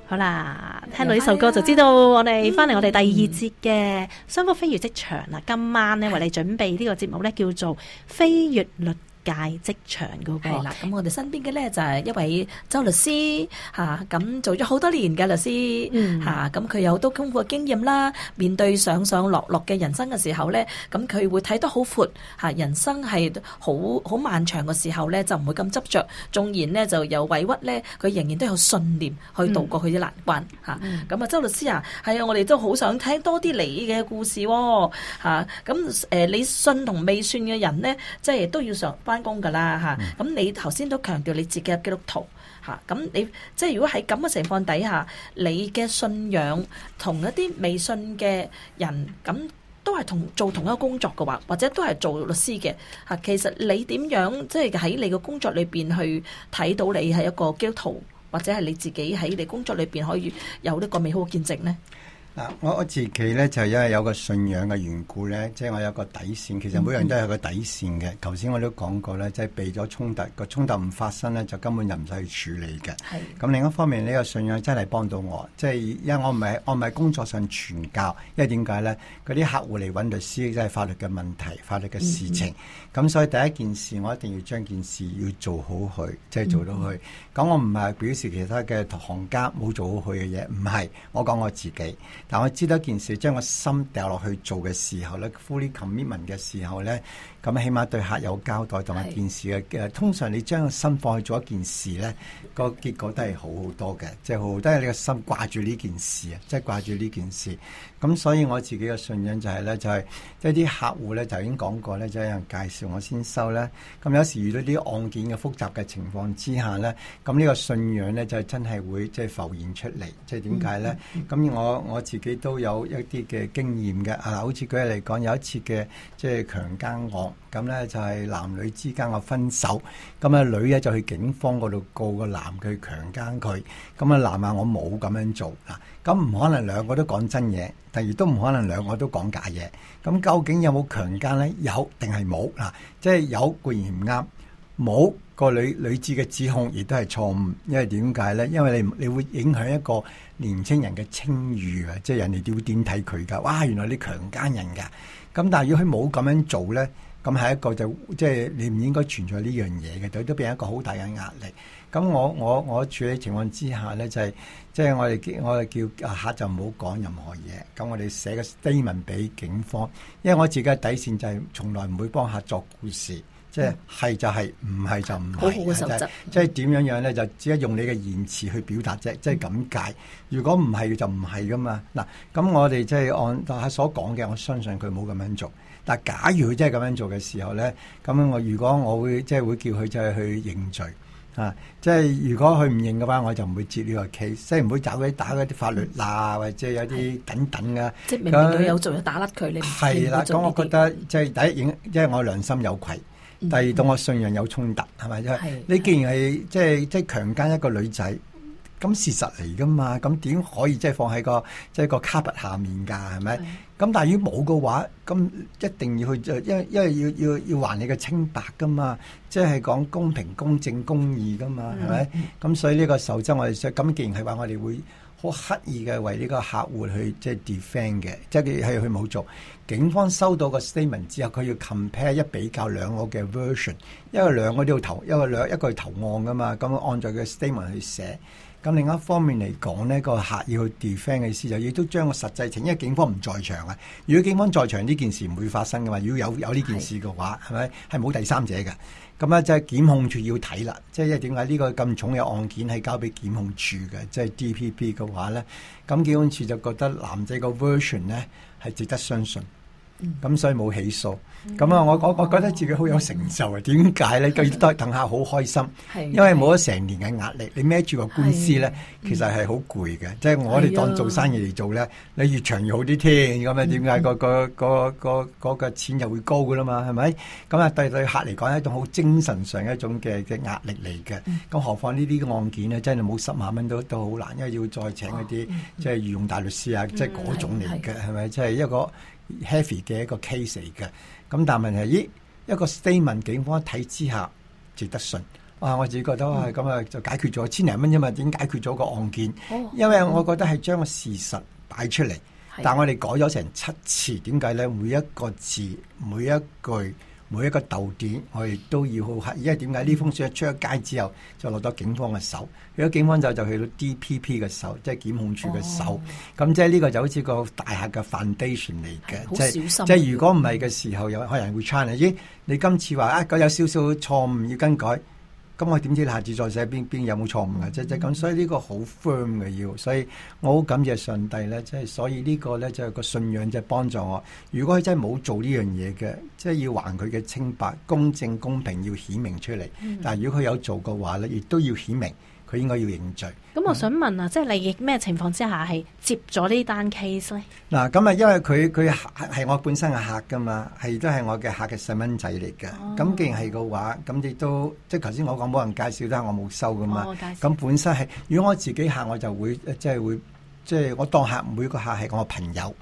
好啦，聽到呢首歌就知道我哋翻嚟我哋第二節嘅《商福飛越職場》啦。今晚呢，為你準備呢個節目呢，叫做《飛越律》。界職場嗰個係啦，咁 mile 我哋身邊嘅咧就係、是、一位周律師嚇，咁、啊、做咗好多年嘅律師嚇，咁佢有好多豐富嘅經驗啦。面對上上落落嘅人生嘅時候咧，咁、啊、佢會睇得好闊嚇、啊，人生係好好漫長嘅時候咧，就唔會咁執着。縱然呢，就有委屈咧，佢仍然都有信念去度過佢啲難關嚇。咁啊，周律師啊，係、嗯哎、啊，我哋都好想聽多啲你嘅故事喎嚇。咁誒，你信同未信嘅人呢，即、就、係、是、都要想。翻工噶啦吓，咁、嗯、你頭先都強調你自己嘅基督徒吓，咁你即係如果喺咁嘅情況底下，你嘅信仰同一啲未信嘅人，咁都係同做同一個工作嘅話，或者都係做律師嘅吓，其實你點樣即係喺你嘅工作裏邊去睇到你係一個基督徒，或者係你自己喺你工作裏邊可以有呢個美好嘅見證呢？嗱，我我自己呢，就因為有個信仰嘅緣故呢，即係我有個底線。其實每人都有個底線嘅。頭先我都講過呢，即係避咗衝突，個衝突唔發生呢，就根本就唔使去處理嘅。咁另一方面，呢個信仰真係幫到我。即係因為我唔係我唔係工作上傳教，因為點解呢？嗰啲客戶嚟揾律師，即係法律嘅問題、法律嘅事情。咁、嗯嗯、所以第一件事，我一定要將件事要做好佢，即係做到佢。咁我唔係表示其他嘅同行家冇做好佢嘅嘢，唔係，我講我自己。但我知道一件事，將我心掉落去做嘅時候咧，fully commitment 嘅時候咧。咁起碼對客有交代同埋件事嘅是，通常你將個心放去做一件事咧，個結果都係好多、就是、好多嘅，即係好，都係你個心掛住呢件事啊，即係掛住呢件事。咁、就是、所以我自己嘅信仰就係、是、咧，就係即係啲客戶咧就已經講過咧，就是、有人介紹我先收咧。咁有時遇到啲案件嘅複雜嘅情況之下咧，咁呢個信仰咧就真係會即係浮現出嚟。即係點解咧？咁、嗯嗯、我我自己都有一啲嘅經驗嘅啊，好似舉例嚟講有一次嘅即係強奸案。咁咧就係男女之間嘅分手，咁啊女咧就去警方嗰度告個男，佢強姦佢，咁啊男啊，我冇咁樣做啊，咁唔可能兩個都講真嘢，但亦都唔可能兩個都講假嘢，咁究竟有冇強姦咧？有定係冇啊？即係有固然唔啱，冇個女女子嘅指控亦都係錯誤，因為點解咧？因為你你會影響一個年青人嘅清譽啊，即係人哋會點睇佢噶？哇，原來你強姦人噶，咁但係如果佢冇咁樣做咧？咁係一個就即、是、係你唔應該存在呢樣嘢嘅，佢都變成一個好大嘅壓力。咁我我我處理情況之下呢，就係即係我哋我哋叫阿客就唔好講任何嘢。咁我哋寫個 statement 俾警方，因為我自己嘅底線就係從來唔會幫客作故事。即係係就係、是就是，唔係就唔係。好好嘅即係點樣樣呢？就只、是、係用你嘅言辭去表達啫。即係咁解。嗯、如果唔係就唔係噶嘛。嗱，咁我哋即係按大客所講嘅，我相信佢冇咁樣做。但假如佢真係咁樣做嘅時候咧，咁樣我如果我會即係會叫佢即係去認罪，啊，即係如果佢唔認嘅話，我就唔會接呢個 case，即係唔會找嗰打嗰啲法律嗱，或者有啲等等噶、啊。即係的那明明佢有做，要打甩佢你係啦。咁的我覺得即係第一影，即係我良心有愧；第二到我信仰有衝突，係咪？因為的的你既然係即係即係強姦一個女仔。咁事實嚟噶嘛？咁點可以即係放喺個即係、就是、個卡布下面㗎？係咪？咁的但係如果冇嘅話，咁一定要去，因為因為要要要還你嘅清白噶嘛，即係講公平、公正、公義噶嘛，係咪？咁的所以呢個守則我哋咁，既然係話我哋會好刻意嘅為呢個客戶去即係 defend 嘅，即係佢係佢冇做。警方收到個 statement 之後，佢要 compare 一比較兩個嘅 version，因為兩個都要投，因為兩一個係投案噶嘛，咁按照佢嘅 statement 去寫。咁另一方面嚟講，呢個客要去 defend 嘅意思就亦都將個實際情，因為警方唔在場啊。如果警方在場，呢件事唔會發生嘅嘛。如果有有呢件事嘅話，係咪係冇第三者嘅？咁啊，即係檢控處要睇啦。即係點解呢個咁重嘅案件係交俾檢控處嘅？即係 DPP 嘅話呢，咁檢控處就覺得男仔個 version 呢係值得相信。咁所以冇起訴，咁啊，我我我覺得自己好有成就啊！點解咧？佢對等下好開心，因為冇咗成年嘅壓力。你孭住個官司咧，其實係好攰嘅。即係我哋當做生意嚟做咧，你越長越好啲添。咁啊，點解個個個個嗰個錢就會高噶啦嘛？係咪？咁啊，對對客嚟講係一種好精神上嘅一種嘅嘅壓力嚟嘅。咁何況呢啲案件咧，真係冇十萬蚊都都好難，因為要再請一啲即係御用大律師啊，即係嗰種嚟嘅係咪？即係一個。heavy 嘅一個 case 嚟嘅，咁但問題，咦，一個 statement 警方一睇之下，值得信。哇、啊，我自己覺得係咁啊，嗯、就解決咗千零蚊啫嘛，點解決咗個案件？哦嗯、因為我覺得係將個事實擺出嚟，嗯、但係我哋改咗成七次，點解咧？每一個字，每一句。每一個逗點，我哋都要好刻意，因為點解呢封信一出街之後，就落咗警方嘅手。如果警方就就去到 DPP 嘅手，即係檢控處嘅手，咁即係呢個就好似個大客嘅 foundation 嚟嘅。對就是，好小心，啊、即係如果唔係嘅時候，有可能會 charge 你。咦？你今次話啊，有少少錯誤要更改。咁我點知下次再寫邊邊有冇錯誤嘅，即係咁，所以呢個好 firm 嘅要，所以我好感謝上帝咧，即係所以呢個咧，即係個信仰就幫助我。如果佢真係冇做呢樣嘢嘅，即係要還佢嘅清白、公正、公平，要顯明出嚟。但係如果佢有做嘅話咧，亦都要顯明。佢應該要認罪。咁我想問啊，嗯、即利益咩情況之下係接咗呢單 case 咧？嗱，咁啊，因為佢佢係我本身嘅客噶嘛，係都係我嘅客嘅細蚊仔嚟嘅。咁、哦、既然係嘅話，咁亦都即係頭先我講冇人介紹，但係我冇收噶嘛。咁、哦、本身係如果我自己客，我就會即係、就是、會即係、就是、我當客每個客係我朋友。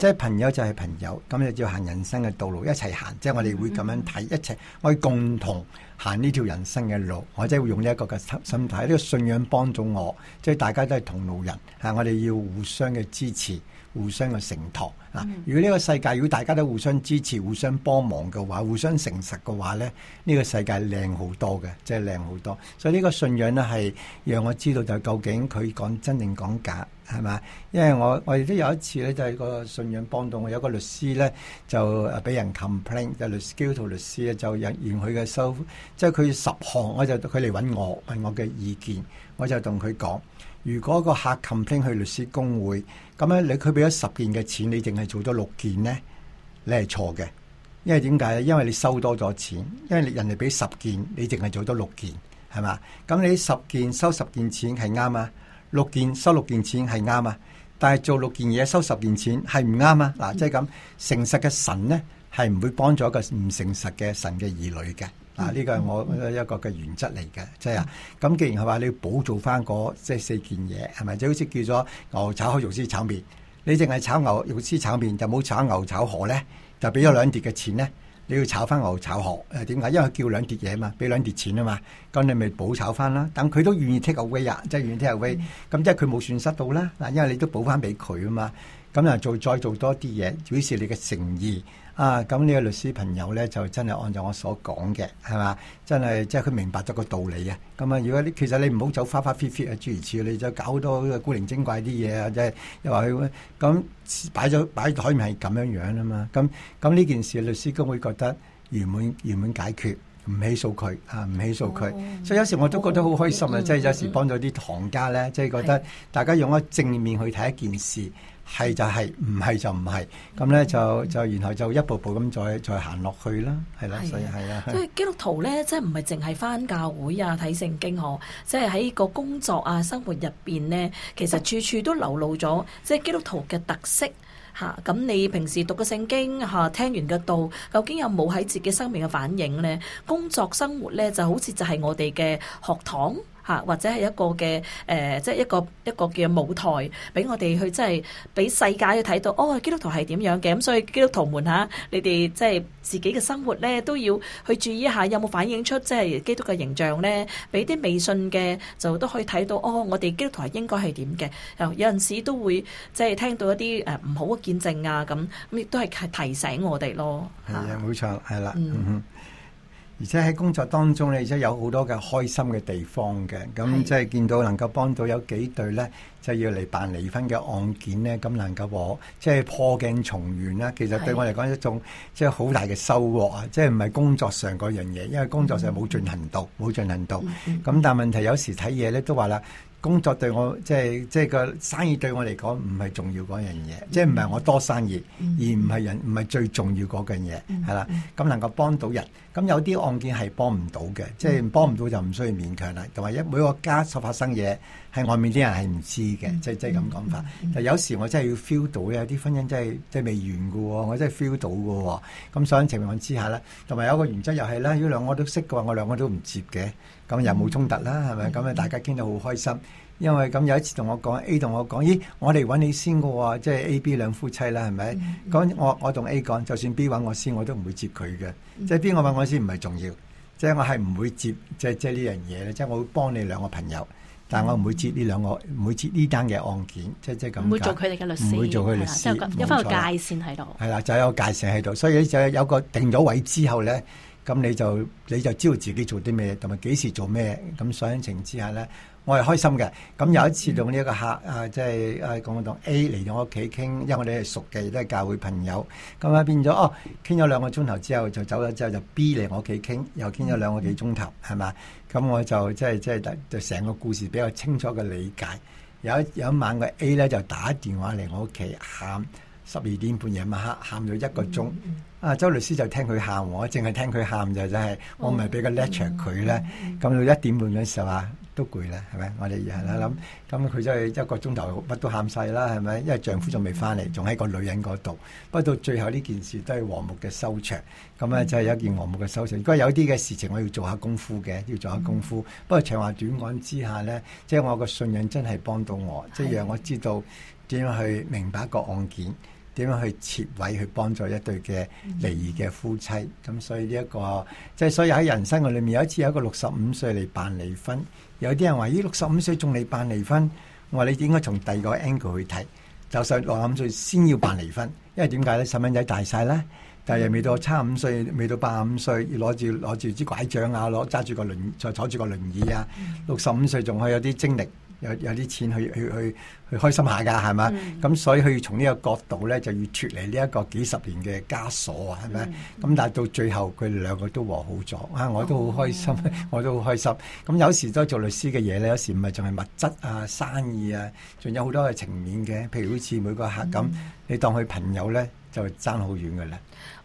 即係朋友就係朋友，咁你就要行人生嘅道路一齊行，即係我哋會咁樣睇一齊，我哋共同行呢條人生嘅路，我者係會用呢一個嘅心態，呢、這個信仰幫助我，即係大家都係同路人，係我哋要互相嘅支持。互相嘅承托啊！如果呢個世界如果大家都互相支持、互相幫忙嘅話，互相誠實嘅話咧，呢個世界靚好多嘅，即係靚好多。所以呢個信仰咧係讓我知道就究竟佢講真定講假係咪？因為我我亦都有一次咧就係個信仰幫到我，有個律師咧就俾人 complain，就律 s 師咧就嫌佢嘅收，即係佢十項我就佢嚟揾我問我嘅意見，我就同佢講，如果個客 complain 去律師公會。咁咧，你佢俾咗十件嘅錢，你淨係做咗六件呢？你係錯嘅，因為點解？因為你收多咗錢，因為人哋俾十件，你淨係做咗六件，係嘛？咁你十件收十件錢係啱啊，六件收六件錢係啱啊，但係做六件嘢收十件錢係唔啱啊！嗱、就是，即係咁，誠實嘅神呢，係唔會幫助一個唔誠實嘅神嘅兒女嘅。啊！呢個係我一個嘅原則嚟嘅，嗯、即係咁。既然係話你要補做翻嗰即係四件嘢，係咪？就好似叫咗牛炒開肉絲炒麵，你淨係炒牛肉絲炒麵，就冇炒牛炒河咧，就俾咗兩碟嘅錢咧。你要炒翻牛炒河誒？點、啊、解？因為叫兩碟嘢嘛，俾兩碟錢啊嘛。咁你咪補炒翻啦。等佢都願意 take away 啊，即、就、係、是、願意 take away、嗯。咁即係佢冇損失到啦。嗱，因為你都補翻俾佢啊嘛。咁啊，做再做多啲嘢，表示你嘅誠意。啊，咁呢個律師朋友咧就真係按照我所講嘅，係嘛？真係即係佢明白咗個道理啊！咁啊，如果你，其實你唔好走花花飛飛嘅諸如此類，主主你就搞多個古靈精怪啲嘢啊！即係又話佢咁擺咗擺台面係咁樣樣啊嘛！咁咁呢件事律師都會覺得完滿完滿解決，唔起訴佢啊，唔起訴佢。哦、所以有時我都覺得好開心啊！即係、哦嗯、有時幫咗啲行家咧，即、就、係、是、覺得大家用一個正面去睇一件事。係就係，唔係就唔係，咁咧就就然後就一步步咁再再行落去啦，係啦，所以係啦。所以基督徒咧，即係唔係淨係翻教會啊睇聖經嗬，即係喺個工作啊生活入邊咧，其實處處都流露咗即係基督徒嘅特色吓。咁你平時讀嘅聖經吓，聽完嘅道，究竟有冇喺自己生命嘅反應咧？工作生活咧，就好似就係我哋嘅學堂。吓，或者係一個嘅誒，即、呃、係一個一個嘅舞台，俾我哋去即係俾世界去睇到，哦，基督徒係點樣嘅。咁、嗯，所以基督徒們嚇、啊，你哋即係自己嘅生活咧，都要去注意一下有有，有冇反映出即係基督嘅形象咧？俾啲未信嘅就都可以睇到，哦，我哋基督徒係應該係點嘅？有陣時都會即係聽到一啲誒唔好嘅見證啊，咁咁亦都係提醒我哋咯。係啊，冇錯，係啦。嗯嗯而且喺工作當中咧，亦都有好多嘅開心嘅地方嘅，咁即係見到能夠幫到有幾對咧，就要嚟辦離婚嘅案件咧，咁能夠和即係破鏡重圓啦。其實對我嚟講一種即係好大嘅收穫啊！即係唔係工作上嗰樣嘢，因為工作上冇進行到冇進行到咁、嗯嗯、但係問題有時睇嘢咧，都話啦。工作對我即係即係個生意對我嚟講唔係重要嗰樣嘢，即係唔係我多生意，嗯、而唔係人唔係最重要嗰樣嘢，係啦。咁、嗯嗯、能夠幫到人，咁有啲案件係幫唔到嘅，即、就、係、是、幫唔到就唔需要勉強啦。同埋一每個家所發生嘢，喺外面啲人係唔知嘅，即係即係咁講法。嗯嗯、但有時我真係要 feel 到咧，有啲婚姻真係即係未完嘅喎，我真係 feel 到嘅喎。咁所以情況之下咧，同埋有一個原則又係咧，如果兩個都識嘅話，我兩個都唔接嘅。咁又冇衝突啦，係咪？咁啊，大家傾得好開心。因為咁有一次同我講，A 同我講：咦，我嚟揾你先嘅喎，即係 A、B 兩夫妻啦，係咪？講我，我同 A 講，就算 B 揾我先，我都唔會接佢嘅。即係邊個揾我先唔係重要，即係我係唔會接即即呢樣嘢咧。即係我會幫你兩個朋友，但我唔會接呢兩個，唔會接呢單嘅案件。即即咁，唔會做佢哋嘅律師，唔會做佢律師，因為界線喺度。係啦，就有個界線喺度，所以就有個定咗位之後咧。咁你就你就知道自己做啲咩，同埋幾時做咩。咁相情之下咧，我係開心嘅。咁有一次同呢一個客、嗯、啊，即係誒講到 A 嚟到我屋企傾，因為我哋係熟嘅，都係教會朋友。咁啊變咗哦，傾咗兩個鐘頭之後就走咗，之後就 B 嚟我屋企傾，又傾咗兩個幾鐘頭，係嘛、嗯？咁我就即係即係就成、是就是、個故事比較清楚嘅理解。有一有一晚個 A 咧就打電話嚟我屋企喊，十二點半夜晚黑喊咗一個鐘。嗯嗯啊，周律師就聽佢喊，我淨係聽佢喊就真、是、係，我咪畀個 lecture 佢咧。咁、嗯嗯、到一點半嗰時話都攰啦，係咪？我哋又係諗，咁佢真係一個鐘頭乜都喊晒啦，係咪？因為丈夫仲未翻嚟，仲喺、嗯、個女人嗰度。不過到最後呢件事都係和睦嘅收場，咁啊真係一件和睦嘅收場。如果、嗯、有啲嘅事情我要做下功夫嘅，要做下功夫。嗯、不過長話短講之下咧，即、就、係、是、我個信仰真係幫到我，即、就、係、是、讓我知道點樣去明白一個案件。嗯點樣去設位去幫助一對嘅離異嘅夫妻？咁、嗯、所以呢、這、一個，即、就、係、是、所以喺人生裏面有一次有一個六十五歲嚟辦離婚，有啲人話咦，六十五歲仲嚟辦離婚？我話你應該從第二個 angle 去睇。就上六十五歲先要辦離婚，因為點解咧？細蚊仔大晒啦，但係未到七五歲，未到八十五歲，要攞住攞住支拐杖啊，攞揸住個輪，再坐住個輪椅啊。六十五歲仲可以有啲精力。有有啲錢去去去去開心下㗎，係咪？咁、嗯、所以佢要從呢個角度咧，就要脫離呢一個幾十年嘅枷鎖啊，係咪？咁、嗯嗯、但係到最後佢哋兩個都和好咗啊！我都好開心，哦、我都好開心。咁的有時都做律師嘅嘢咧，有時唔係仲係物質啊、生意啊，仲有好多嘅情面嘅。譬如好似每個客咁，嗯、你當佢朋友咧，就爭好遠㗎啦。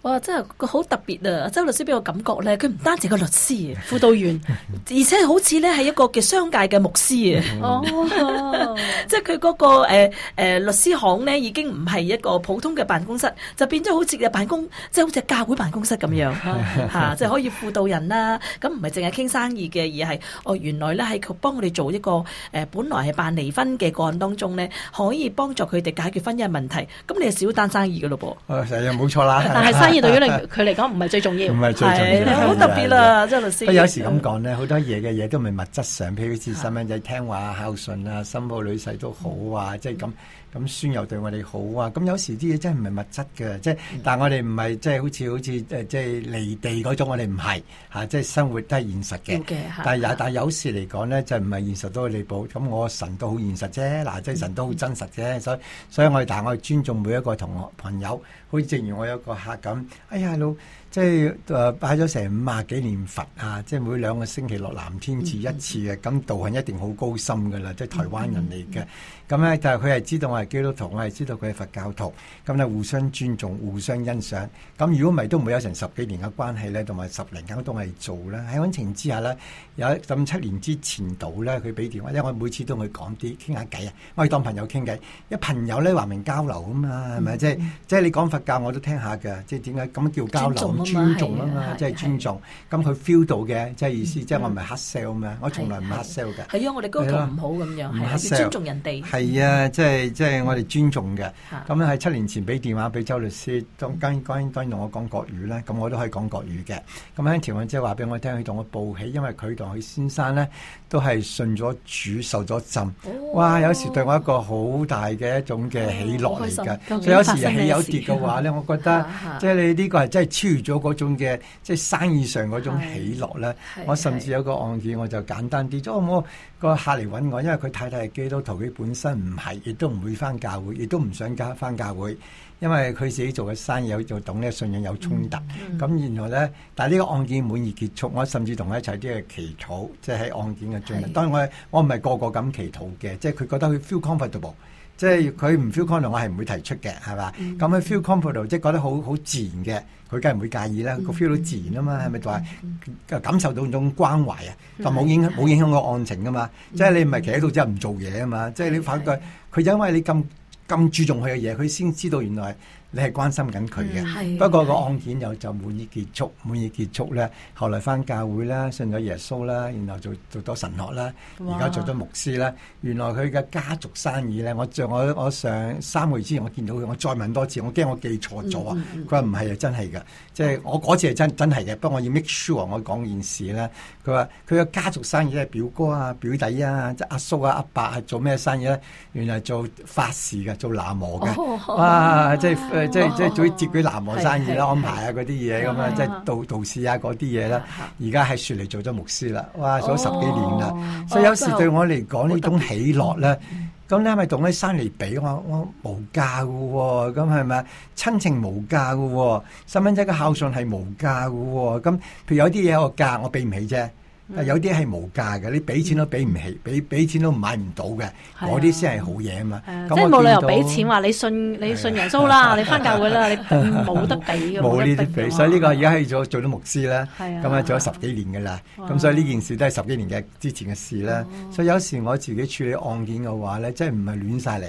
哇！真係個好特別啊！周律師俾我感覺咧，佢唔單止個律師、輔導員，而且好似咧係一個嘅商界嘅牧師啊！哦、 那個，即係佢嗰個誒誒律師行咧，已經唔係一個普通嘅辦公室，就變咗好似嘅辦公，即、就、係、是、好似教會辦公室咁樣嚇、 啊，即係可以輔導人啦。咁唔係淨係傾生意嘅，而係哦，原來咧係佢幫我哋做一個誒、呃，本來係辦離婚嘅個案當中咧，可以幫助佢哋解決婚姻問題。咁你係少單生意嘅咯噃？誒、啊，成日冇錯啦，但係如果嚟佢嚟講唔係最重要，唔係最重要，好特別啊！即係律師，佢以有時咁講咧，好是 多嘢嘅嘢都唔係物質上，譬如似細蚊仔聽話孝順啊，心抱女婿都好啊，即係咁。咁酸又對我哋好啊！咁有時啲嘢真係唔係物質嘅，即係、嗯、但係我哋唔係即係好似好似誒即係離地嗰種，我哋唔係嚇，即、啊、係、即係、生活都係現實嘅。但係又但係有時嚟講咧，就唔、係、係現實都可以彌補。咁我神都好現實啫，嗱即係神都好真實啫、嗯。所以所以我但係我尊重每一個同學朋友，好似正如我有個客咁，哎呀老～hello, 即係誒拜咗成五十幾年佛啊！即係每兩個星期落南天寺一次嘅，咁、嗯、道行一定好高深噶啦！嗯、即係台灣人嚟嘅，咁咧、嗯、但係佢係知道我係基督徒，嗯、我係知道佢係佛教徒，咁咧互相尊重、互相欣賞。咁如果唔係都唔會有成十幾年嘅關係咧，同埋十零年都係做啦。喺溫情之下咧，有咁七年之前度咧，佢俾電話，因為我每次都會講啲傾下偈啊，我係當朋友傾偈。因為朋友咧話明交流啊嘛，係咪即係即係你講佛教我都聽下㗎，即係點解咁叫交流？嗯尊重啊嘛，即係尊重。咁佢 feel 到嘅，即係意思，即係我唔係黑 sell 咁樣，我從來唔黑 sell 嘅。係啊，我哋嗰個唔好咁樣，要尊重人哋。係啊，即係即係我哋尊重嘅。咁咧喺七年前俾電話俾周律師，當然當然同我講國語啦，咁我都可以講國語嘅。咁咧條文即係話俾我聽，佢同我報喜，因為佢同佢先生咧都係信咗主，受咗浸。哇！有時對我一個好大嘅一種嘅喜樂嚟嘅，所以有時起有跌嘅話咧，我覺得即係你呢個係真係超越咗。嗰嗰種嘅即係生意上嗰種起落咧，我甚至有個案件，我就簡單啲，咁我個客嚟揾我，因為佢太太係基督徒，佢本身唔係，亦都唔會返教會，亦都唔想加返教會，因為佢自己做嘅生意有就同咧信仰有衝突。咁然、嗯嗯、來咧，但係呢個案件滿意結束，我甚至同佢一齊即係祈禱，即係喺案件嘅中。是當然我我唔係個個咁祈禱嘅，即係佢覺得佢 feel comfortable，即係佢唔 feel comfortable，我係唔會提出嘅，係嘛？咁佢 feel comfortable，即係覺得好好自然嘅。佢梗係唔會介意啦，個 feel 都自然啊嘛，係咪、嗯、就係、嗯、感受到種關懷啊？的就冇影冇影響，的影響個案情噶嘛，即係的你唔係企喺度之後唔做嘢啊嘛，即係的你發覺佢，佢的因為你咁咁的注重佢嘅嘢，佢先知道原來。你係關心緊佢嘅，不過個案件又就滿意結束，滿意結束咧。後來翻教會啦，信咗耶穌啦，然後做做咗神學啦，而家做咗牧師啦。原來佢嘅家族生意咧，我做我我上三個月之前我見到佢，我再問多次，我驚我記錯咗啊。佢話唔係啊，真係嘅，即係我嗰次係真真係嘅。不過我要 make sure 我講件事咧。佢話佢嘅家族生意咧，表哥啊、表弟啊、即阿叔啊、阿伯係做咩生意咧？原來做法事嘅，做喇嘛嘅。哇，即係～即係、oh, 即係做接佢南忘生意啦，的安排啊嗰啲嘢咁啊，即係道道士啊嗰啲嘢啦。而家喺雪梨做咗牧師啦，哇，做咗十幾年啦。Oh, 所以有時對我嚟講、oh, 呢種喜樂咧，咁、oh, 你係咪同喺山嚟比？我我無價嘅喎、哦，咁係咪啊？親情無價嘅喎、哦，細蚊仔嘅孝順係無價嘅喎、哦。咁譬如有啲嘢我個價，我俾唔起啫。有啲係無價嘅，你俾錢都俾唔起，俾俾錢都買唔到嘅，嗰啲先係好嘢啊嘛。即係冇理由俾錢話你信你信耶穌啦，你翻教會啦，你冇得俾嘅。冇呢啲俾，所以呢個而家可以做到牧師啦，咁樣做咗十幾年噶啦，咁所以呢件事都係十幾年嘅之前嘅事啦。所以有時我自己處理案件嘅話咧，真係唔係亂晒嚟。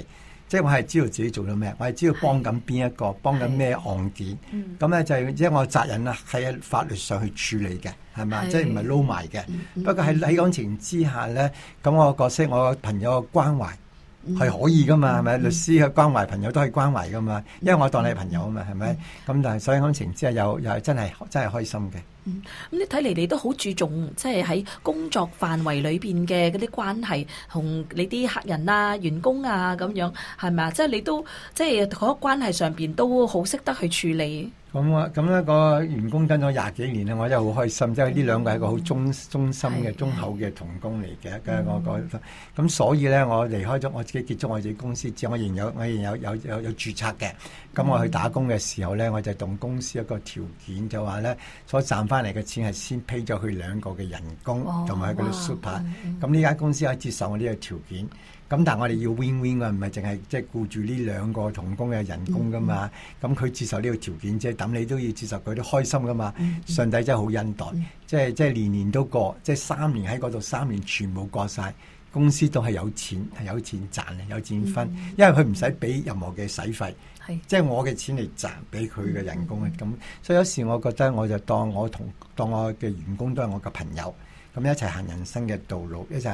即係我係知道自己做咗咩，我係知道幫緊邊一個，幫緊咩案件。咁咧就係，即係我責任啦，喺法律上去處理嘅，係咪？即係唔係撈埋嘅。不過喺喺感情之下咧，咁我角色我朋友嘅關懷係可以噶嘛，係咪？律師嘅關懷，朋友都係關懷噶嘛。因為我當你係朋友啊嘛，係咪？咁但係所以感情之下，又又係真係真係開心嘅。咁你睇嚟你都好注重，即係喺工作範圍裏邊嘅嗰啲關係同你啲客人啊、員工啊咁樣，係咪啊？即係你都即係嗰個關係上邊都好識得去處理。咁我咁咧個員工跟咗廿幾年咧，我真係好開心，即係呢兩個係個好忠忠心嘅忠的厚嘅同工嚟嘅。咁我講咁所以咧，我離開咗我自己結束我自己公司之後，我仍有我仍有有有有註冊嘅。咁我去打工嘅時候咧，的我就同公司一個條件就話咧，所賺翻嚟嘅錢係先批咗佢兩個嘅人工，同埋佢啲 super。咁呢間公司可以接受我呢個條件。咁但係我哋要 win win 嘅，唔係淨係即係顧住呢兩個同工嘅人工噶嘛。咁佢、嗯嗯、接受呢個條件，即係等你都要接受佢啲開心噶嘛。嗯、上帝真係好恩待，即係即係年年都過，即、就、係、是、三年喺嗰度三年全部過晒，公司都係有錢，係有錢賺，有錢分，嗯、因為佢唔使俾任何嘅使費，係即係我嘅錢嚟賺，俾佢嘅人工嘅咁。嗯嗯嗯、所以有時我覺得我就當我同當我嘅員工都係我嘅朋友。咁一齊行人生嘅道路一齊，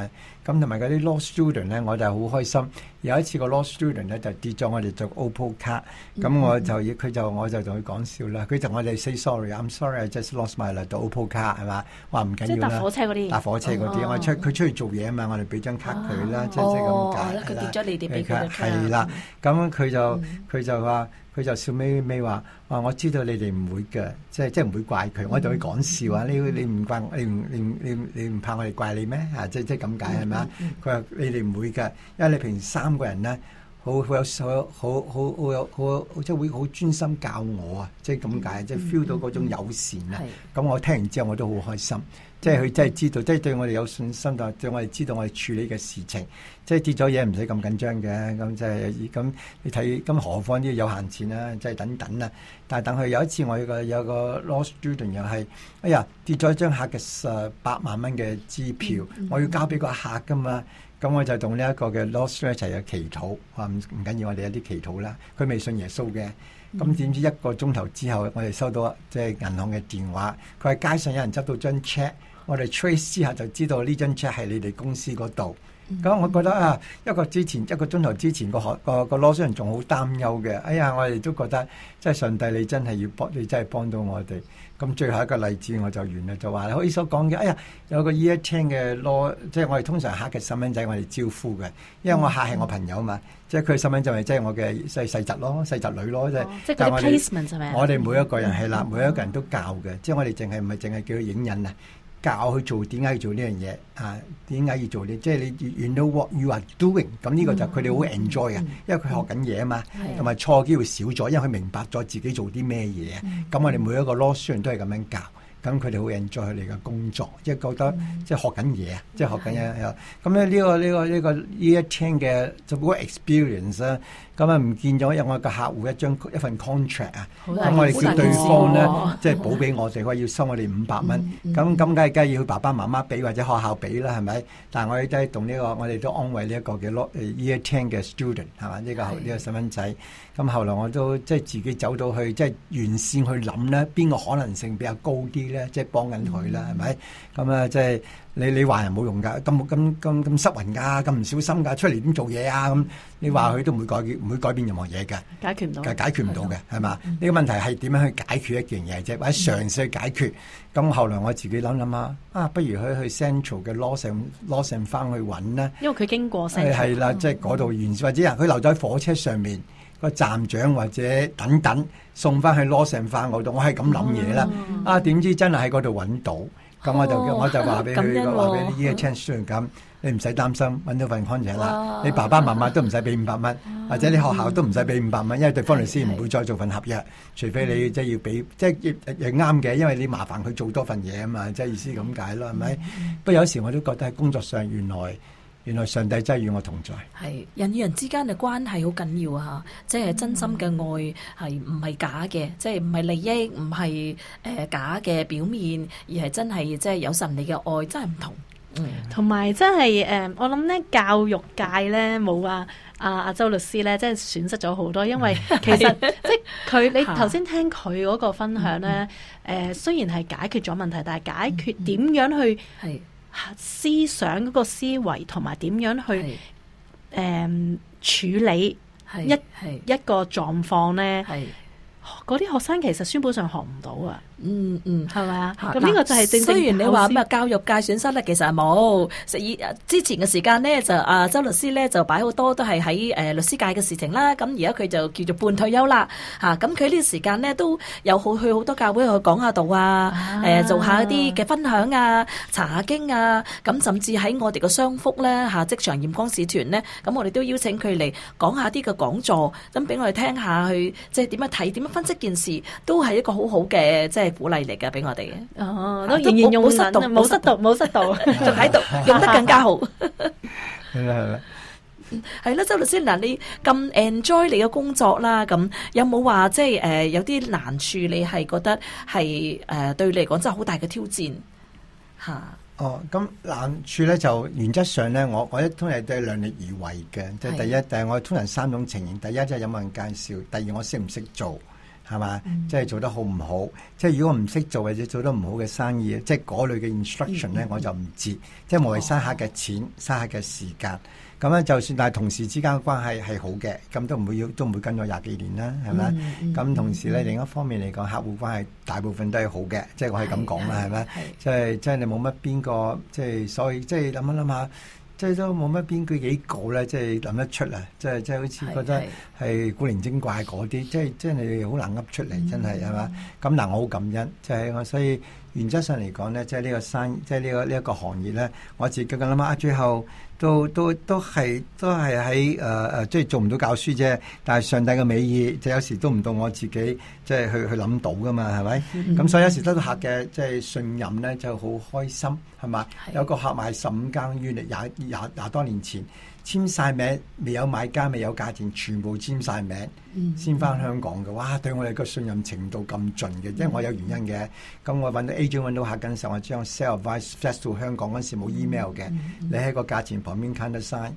咁同埋嗰啲 law student 咧，我就好開心。有一次個 law student 咧就跌咗我哋做 Opal 卡，咁、嗯、我就要佢就我就同佢講笑 sorry, sorry, life，啦。佢就我哋 say sorry，I'm sorry，I just lost my 嚟到 Opal 卡係嘛？話唔緊要啦。即係搭火車嗰啲。搭火車嗰啲，嗯、我出佢出去做嘢啊嘛，我哋俾張卡佢啦，即係咁解啦。哦，佢跌咗你哋俾佢係啦。咁、嗯、佢、嗯、就佢就話。佢就笑眯眯話：哇、啊！我知道你哋唔會嘅，即係即係唔會怪佢。嗯、我仲要講笑啊！你你唔怪，你唔你你你唔怕我哋怪你咩？嚇、啊！即即咁解係咪啊？佢話、嗯吧：你哋唔會嘅，因為你平時三個人咧，好有好有好好好有好，好即係會好專心教我啊！即係咁解，即係 feel 到嗰種友善啊！咁我聽完之後我都好開心。即係佢真係知道，即係對我哋有信心，就係對我哋知道我哋處理嘅事情，即係跌咗嘢唔使咁緊張嘅，咁就係咁。你睇咁何況呢？有限錢啦，即係等等啦。但係等佢有一次我有一個有個 law student，又係，哎呀跌咗一張客嘅八萬蚊嘅支票，我要交俾個客㗎嘛。咁我就同呢一個嘅 law student 一齊嘅祈禱，話唔唔緊要，我哋有啲祈禱啦。佢未信耶穌嘅，咁點知一個鐘頭之後我哋收到即係銀行嘅電話，佢喺街上有人執到張 check。我哋 trace 之下就知道呢張 check 係你哋公司嗰度。咁、嗯嗯，我覺得啊，一個之前一個鐘頭之前個學個個羅商仲好擔憂嘅。哎呀，我哋都覺得即係上帝，你真係要幫，你真係幫到我哋。咁最後一個例子我就完啦，就話可以所講嘅。哎呀，有個 E1 千嘅羅，即係、就是、我哋通常客嘅細蚊仔，我哋招呼嘅，因為我客係我朋友嘛。即係佢嘅細蚊就咪即係我嘅細細侄咯，細侄女咯。哦、即係我哋，是是我哋每一個人係啦，每一個人都教嘅。 即係我哋淨係唔係淨係叫佢影印啊？教佢做點解要做呢樣嘢啊？點解要做呢、這個？即係你 you know what you are doing，咁呢個就佢哋好 enjoy 嘅，因為佢學緊嘢啊嘛，同埋錯機會少咗，因為佢明白咗自己做啲咩嘢。咁、mm hmm. 我哋每一個老師都係咁樣教，咁佢哋好 enjoy 佢哋嘅工作，即係覺得、mm hmm. 即係學緊嘢，即係學緊嘢。咁咧呢個呢、呢個呢、呢個呢、呢個呢個、一天嘅做乜 experience 咧？咁啊，唔見咗有我個客戶一張一份 contract 啊，咁我哋叫對方咧，即係補俾我哋，佢要收我哋五百蚊。咁咁梗係梗要爸爸媽媽俾或者學校俾啦，係咪？但係我哋都係同呢個，我哋都安慰呢一個嘅 year ten 嘅 student 係嘛？呢、這個呢個細蚊仔。咁是的 後來我都即係、就是、自己走到去，即、就、係、是、完善去諗咧，邊個可能性比較高啲咧？即、就、係、是、幫緊佢啦，係咪？咁啊、就是，即係。你你話人冇用㗎，咁咁咁咁失魂㗎，咁唔小心㗎，出嚟點做嘢啊？咁你話佢都唔會改唔會改變任何嘢嘅，解決唔到，係解決唔到嘅，係嘛？呢個問題係點樣去解決一件嘢啫？或者嘗試去解決。咁後來我自己諗諗啊，啊不如去去 Central 嘅 lost, lost and found 翻去揾咧，因為佢經過 Central，係係啦，即係嗰度完，或者啊，佢留咗喺火車上面個站長或者等等送翻去 lost and found 翻嗰度，我係咁諗嘢啦。啊點知真係喺嗰度揾到？咁我就我就話俾佢，話俾呢個咁，你唔使擔心揾到份 contract 啦。你爸爸媽媽都唔使俾五百蚊，或者你學校都唔使俾五百蚊，因為對方律師唔會再做份合約，除非你即係要俾，即係亦係啱嘅，因為你麻煩佢做多份嘢啊嘛，即係意思咁解咯，係咪？不過有時我都覺得喺工作上原來。原來上帝真係與我同在。係人與人之間嘅關係好緊要啊！即係真心嘅愛係唔係假嘅，即係唔係利益，唔係誒假嘅表面，嗯、而係真係即係有神你嘅愛，真係唔同。同埋、嗯、真係誒、呃，我諗咧教育界咧冇啊！阿阿周律師咧，即係損失咗好多，因為其實即係佢，你頭先聽佢嗰個分享咧，誒、嗯嗯、雖然係解決咗問題，但係解決點樣去係？嗯思想嗰個思維同埋點樣去誒是、呃、處理一一個狀況呢？嗰啲學生其實書本上學唔到啊！嗯嗯，係咪啊？咁呢個就係正正，雖然你話咩教育界損失咧，其實係冇。實以之前嘅時間咧，就啊周律師咧就擺好多都係喺誒律師界嘅事情啦。咁而家佢就叫做半退休啦，吓咁佢呢個時間咧都有好去好多教會去講下道啊，誒做下啲嘅分享啊，查下經啊。咁甚至喺我哋嘅商福咧吓，職場鹽光使團咧，咁我哋都邀請佢嚟講下啲嘅講座，咁俾我哋聽下佢，即係點樣睇，點樣分析件事，都係一個好好嘅即係。鼓勵嚟噶，俾我哋哦，都仍然冇冇濕度，冇濕度，冇濕度，仲喺度用得更加好。係啦係啦，係啦，周律師嗱，你咁 enjoy 你嘅工作啦，咁有冇話即係誒有啲難處？你係覺得係誒對你嚟講真係好大嘅挑戰吓？哦，咁難處咧就原則上咧，我我通常都係量力而為嘅。即係第一，但係我通常三種情形，第一就係有冇人介紹，第二我識唔識做。係嘛？即係做得好唔好？即係如果唔識做或者做得唔好嘅生意，即係嗰類嘅 instruction 咧，我就唔接。嗯、即係無謂嘥客嘅錢、嘥客嘅時間。咁咧，就算但係同事之間嘅關係係好嘅，咁都唔會要，都唔會跟咗廿幾年啦，係咪？咁、嗯嗯、同時咧，另一方面嚟講，客戶關係大部分都係好嘅，即係我係咁講啦，係咪？即係即係你冇乜邊個，即係所，所以，即係諗一諗下。想即係都冇乜邊句幾個咧，即係諗得出啊！即係即係好似覺得係古靈精怪嗰啲，即係即係你好難噏出嚟，真係係嘛？咁嗱、嗯，我好感恩，即係我所以。原則上嚟講咧，即係呢個生，即係呢個呢一個行業咧，我自己咁諗啊，最後都都都係都係喺誒誒，即係做唔到教書啫。但係上帝嘅美意，就有時都唔到我自己，即係去去諗到噶嘛，係咪？咁 所以有時得到客嘅即係信任咧，就好開心，係嘛？是的 有個客買十五間於廿廿廿多年前。簽晒名，未有買家，未有價錢，全部簽晒名、嗯、先返香港嘅，哇！對我哋嘅信任程度咁盡嘅，嗯、因為我有原因嘅。咁、嗯、我揾到 agent 揾到客緊時，我將 sell advice fast to 香港，嗰時冇 email 嘅，嗯嗯、你喺個價錢旁邊 can、嗯、得曬。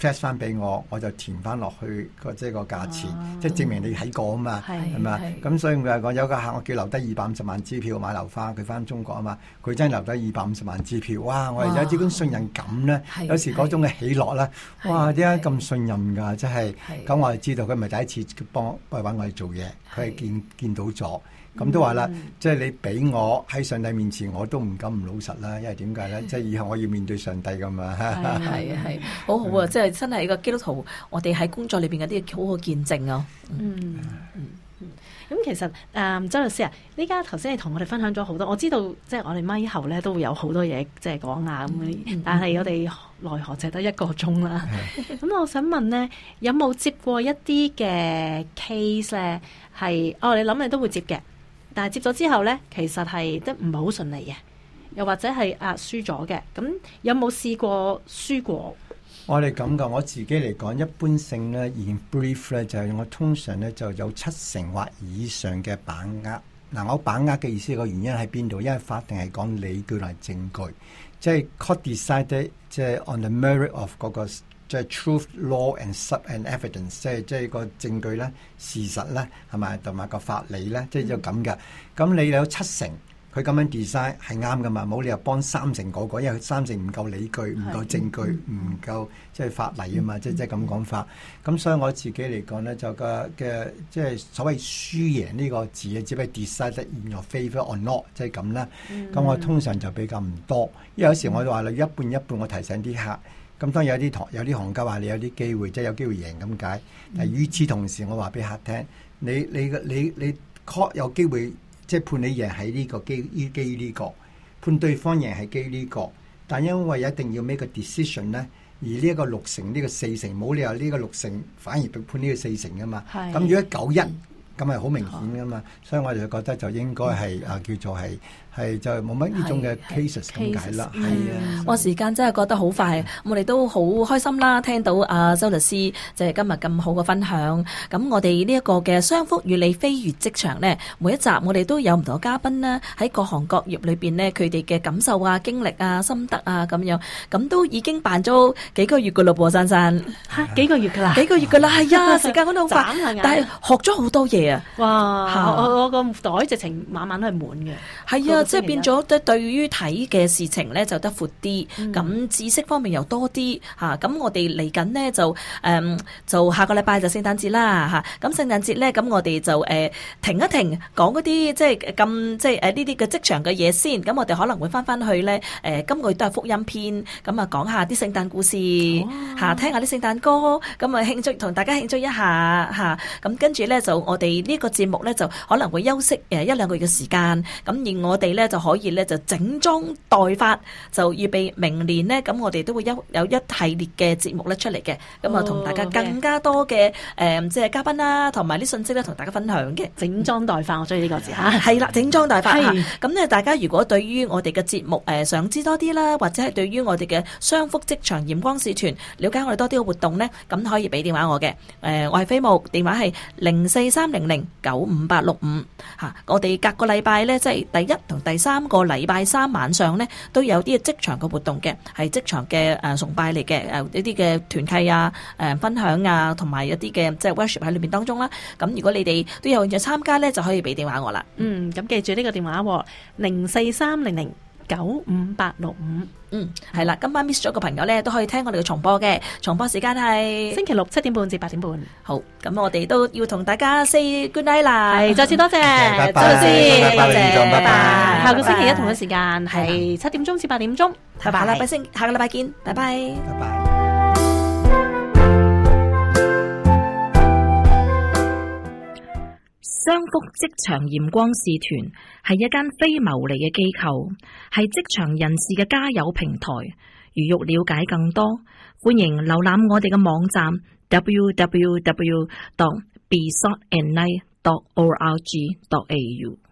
flash 翻俾我，我就填翻落去個即係個價錢，即係證明你睇過啊嘛，係嘛？咁所以我話講有個客，我叫留低二百五十萬支票買樓花，佢翻中國啊嘛，佢真係留低二百五十萬支票，哇！我又有啲咁信任感咧，有時嗰種嘅喜樂咧，哇！點解咁信任㗎？真係，咁我就知道佢唔係第一次幫揾我去做嘢，佢係見見到咗。咁都話啦，即係你俾我喺上帝面前，我都唔敢唔老實啦。因為點解咧？ 即係以後我要面對上帝咁嘛，係係係，好好啊！即係 真係一個基督徒，我哋喺工作裏邊嗰啲好好見證啊！ 嗯咁、嗯嗯嗯、其實誒、呃，周律師啊，呢家頭先你同我哋分享咗好多，我知道即係我哋咪後咧都會有好多嘢即係講啊咁，但係我哋奈何淨得一個鐘啦。咁 的 我想問咧，有冇接過一啲嘅 case 咧？係哦，你諗你都會接嘅。但係接咗之後咧，其實係得唔係好順利嘅，又或者係啊輸咗嘅。咁有冇試過輸過？我係咁㗎，我自己嚟講，一般性咧，而 brief 咧就係、是、我通常咧就有七成或以上嘅把握。嗱、啊，我把握嘅意思個原因喺邊度？因為法庭係講理據嚟證據，即、就、係、是、court decided，即係 on the merit of 嗰、那個。即係 truth、tr uth, law and sub and evidence，即係即係個證據咧、事實咧，係咪同埋個法理咧？即係就咁、是、嘅。咁你有七成，佢咁樣 design 係啱嘅嘛？冇理由幫三成個個，因為佢三成唔夠理據、唔夠證據、唔夠即係、就是、法例啊嘛！即係即係咁講法。咁所以我自己嚟講咧，就、那個嘅即係所謂輸贏呢個字啊，只不過 design 得 in your favor or not，即係咁啦。咁我通常就比較唔多，因為有時我就話你一半一半，我提醒啲客，咁當有啲有啲行家話你有啲機會，即係有機會贏咁解。但係與此同時，我話俾客聽，你你你你確有機會即係判你贏喺呢個基於基於呢個判對方贏係基於呢個，但因為一定要 make 個 decision 咧，而呢一個六成呢個四成，冇理由呢個六成反而判判呢個四成噶嘛。咁是如果九一、嗯，咁係好明顯噶嘛，嗯、所以我就覺得就應該係啊叫做係。係就係冇乜呢種嘅 cases 咁解啦，係啊！哇！時間真係覺得好快，我哋都好開心啦，聽到阿周律師就係今日咁好嘅分享。咁我哋呢一個嘅商福與你飛越職場咧，每一集我哋都有唔同嘅嘉賓啦，喺各行各業裏邊咧，佢哋嘅感受啊、經歷啊、心得啊咁樣，咁都已經辦咗幾個月嘅嘞噃，珊珊嚇幾個月㗎啦，幾個月㗎啦，係啊！時間都好快，但係學咗好多嘢啊！哇！我我個袋直情晚晚都係滿嘅，係啊！嗯、即係變咗，對對於睇嘅事情咧就得闊啲，咁、嗯、知識方面又多啲吓。咁、啊、我哋嚟緊咧就誒、嗯，就下個禮拜就聖誕節啦吓。咁聖誕節咧，咁、嗯、我哋就誒、嗯、停一停，講啲即係咁即係誒呢啲嘅職場嘅嘢先。咁、嗯、我哋可能會翻翻去咧，誒、呃、今個月都係福音篇，咁啊講下啲聖誕故事，吓、啊、聽下啲聖誕歌，咁啊慶祝同大家慶祝一下吓。咁、啊嗯、跟住咧就我哋呢個節目咧就可能會休息誒一兩個月嘅時間。咁而我哋。咧就可以咧就整裝待發，就預備明年呢。咁，我哋都會有有一系列嘅節目咧出嚟嘅，咁啊同大家更加多嘅誒即係嘉賓啦，同埋啲信息咧同大家分享嘅。整裝待發，我中意呢個字吓，係 啦，整裝待發吓。咁咧 大家如果對於我哋嘅節目誒想知多啲啦，或者係對於我哋嘅雙福職場陽光視團了解我哋多啲嘅活動呢，咁可以俾電話我嘅。誒，我係飛牧，電話係零四三零零九五八六五吓。65，我哋隔個禮拜呢，即係第一同。第三個禮拜三晚上咧都有啲職場嘅活動嘅，係職場嘅誒、呃、崇拜嚟嘅，誒、呃、一啲嘅團契啊，誒、呃、分享啊，同埋一啲嘅即係 worship 喺裏面當中啦。咁如果你哋都有興趣參加咧，就可以俾電話我啦。嗯，咁、嗯、記住呢個電話，哦，零四三零零。九五八六五，嗯，係啦，今晚 miss 咗個朋友咧，都可以聽我哋嘅重播嘅，重播時間係星期六七點半至八點半。好，咁我哋都要同大家 say goodnight 啦，係再次多謝，再見，多謝，拜拜。下個星期一同嘅時間係七點鐘至八點鐘，拜拜。下禮拜先，下個禮拜見，拜拜，拜拜。雙福職場鹽光視團係一間非牟利嘅機構，係職場人士嘅加油平台。如欲了解更多，歡迎瀏覽我哋嘅網站：w w w. dot b s o n l. dot o r g. dot a u。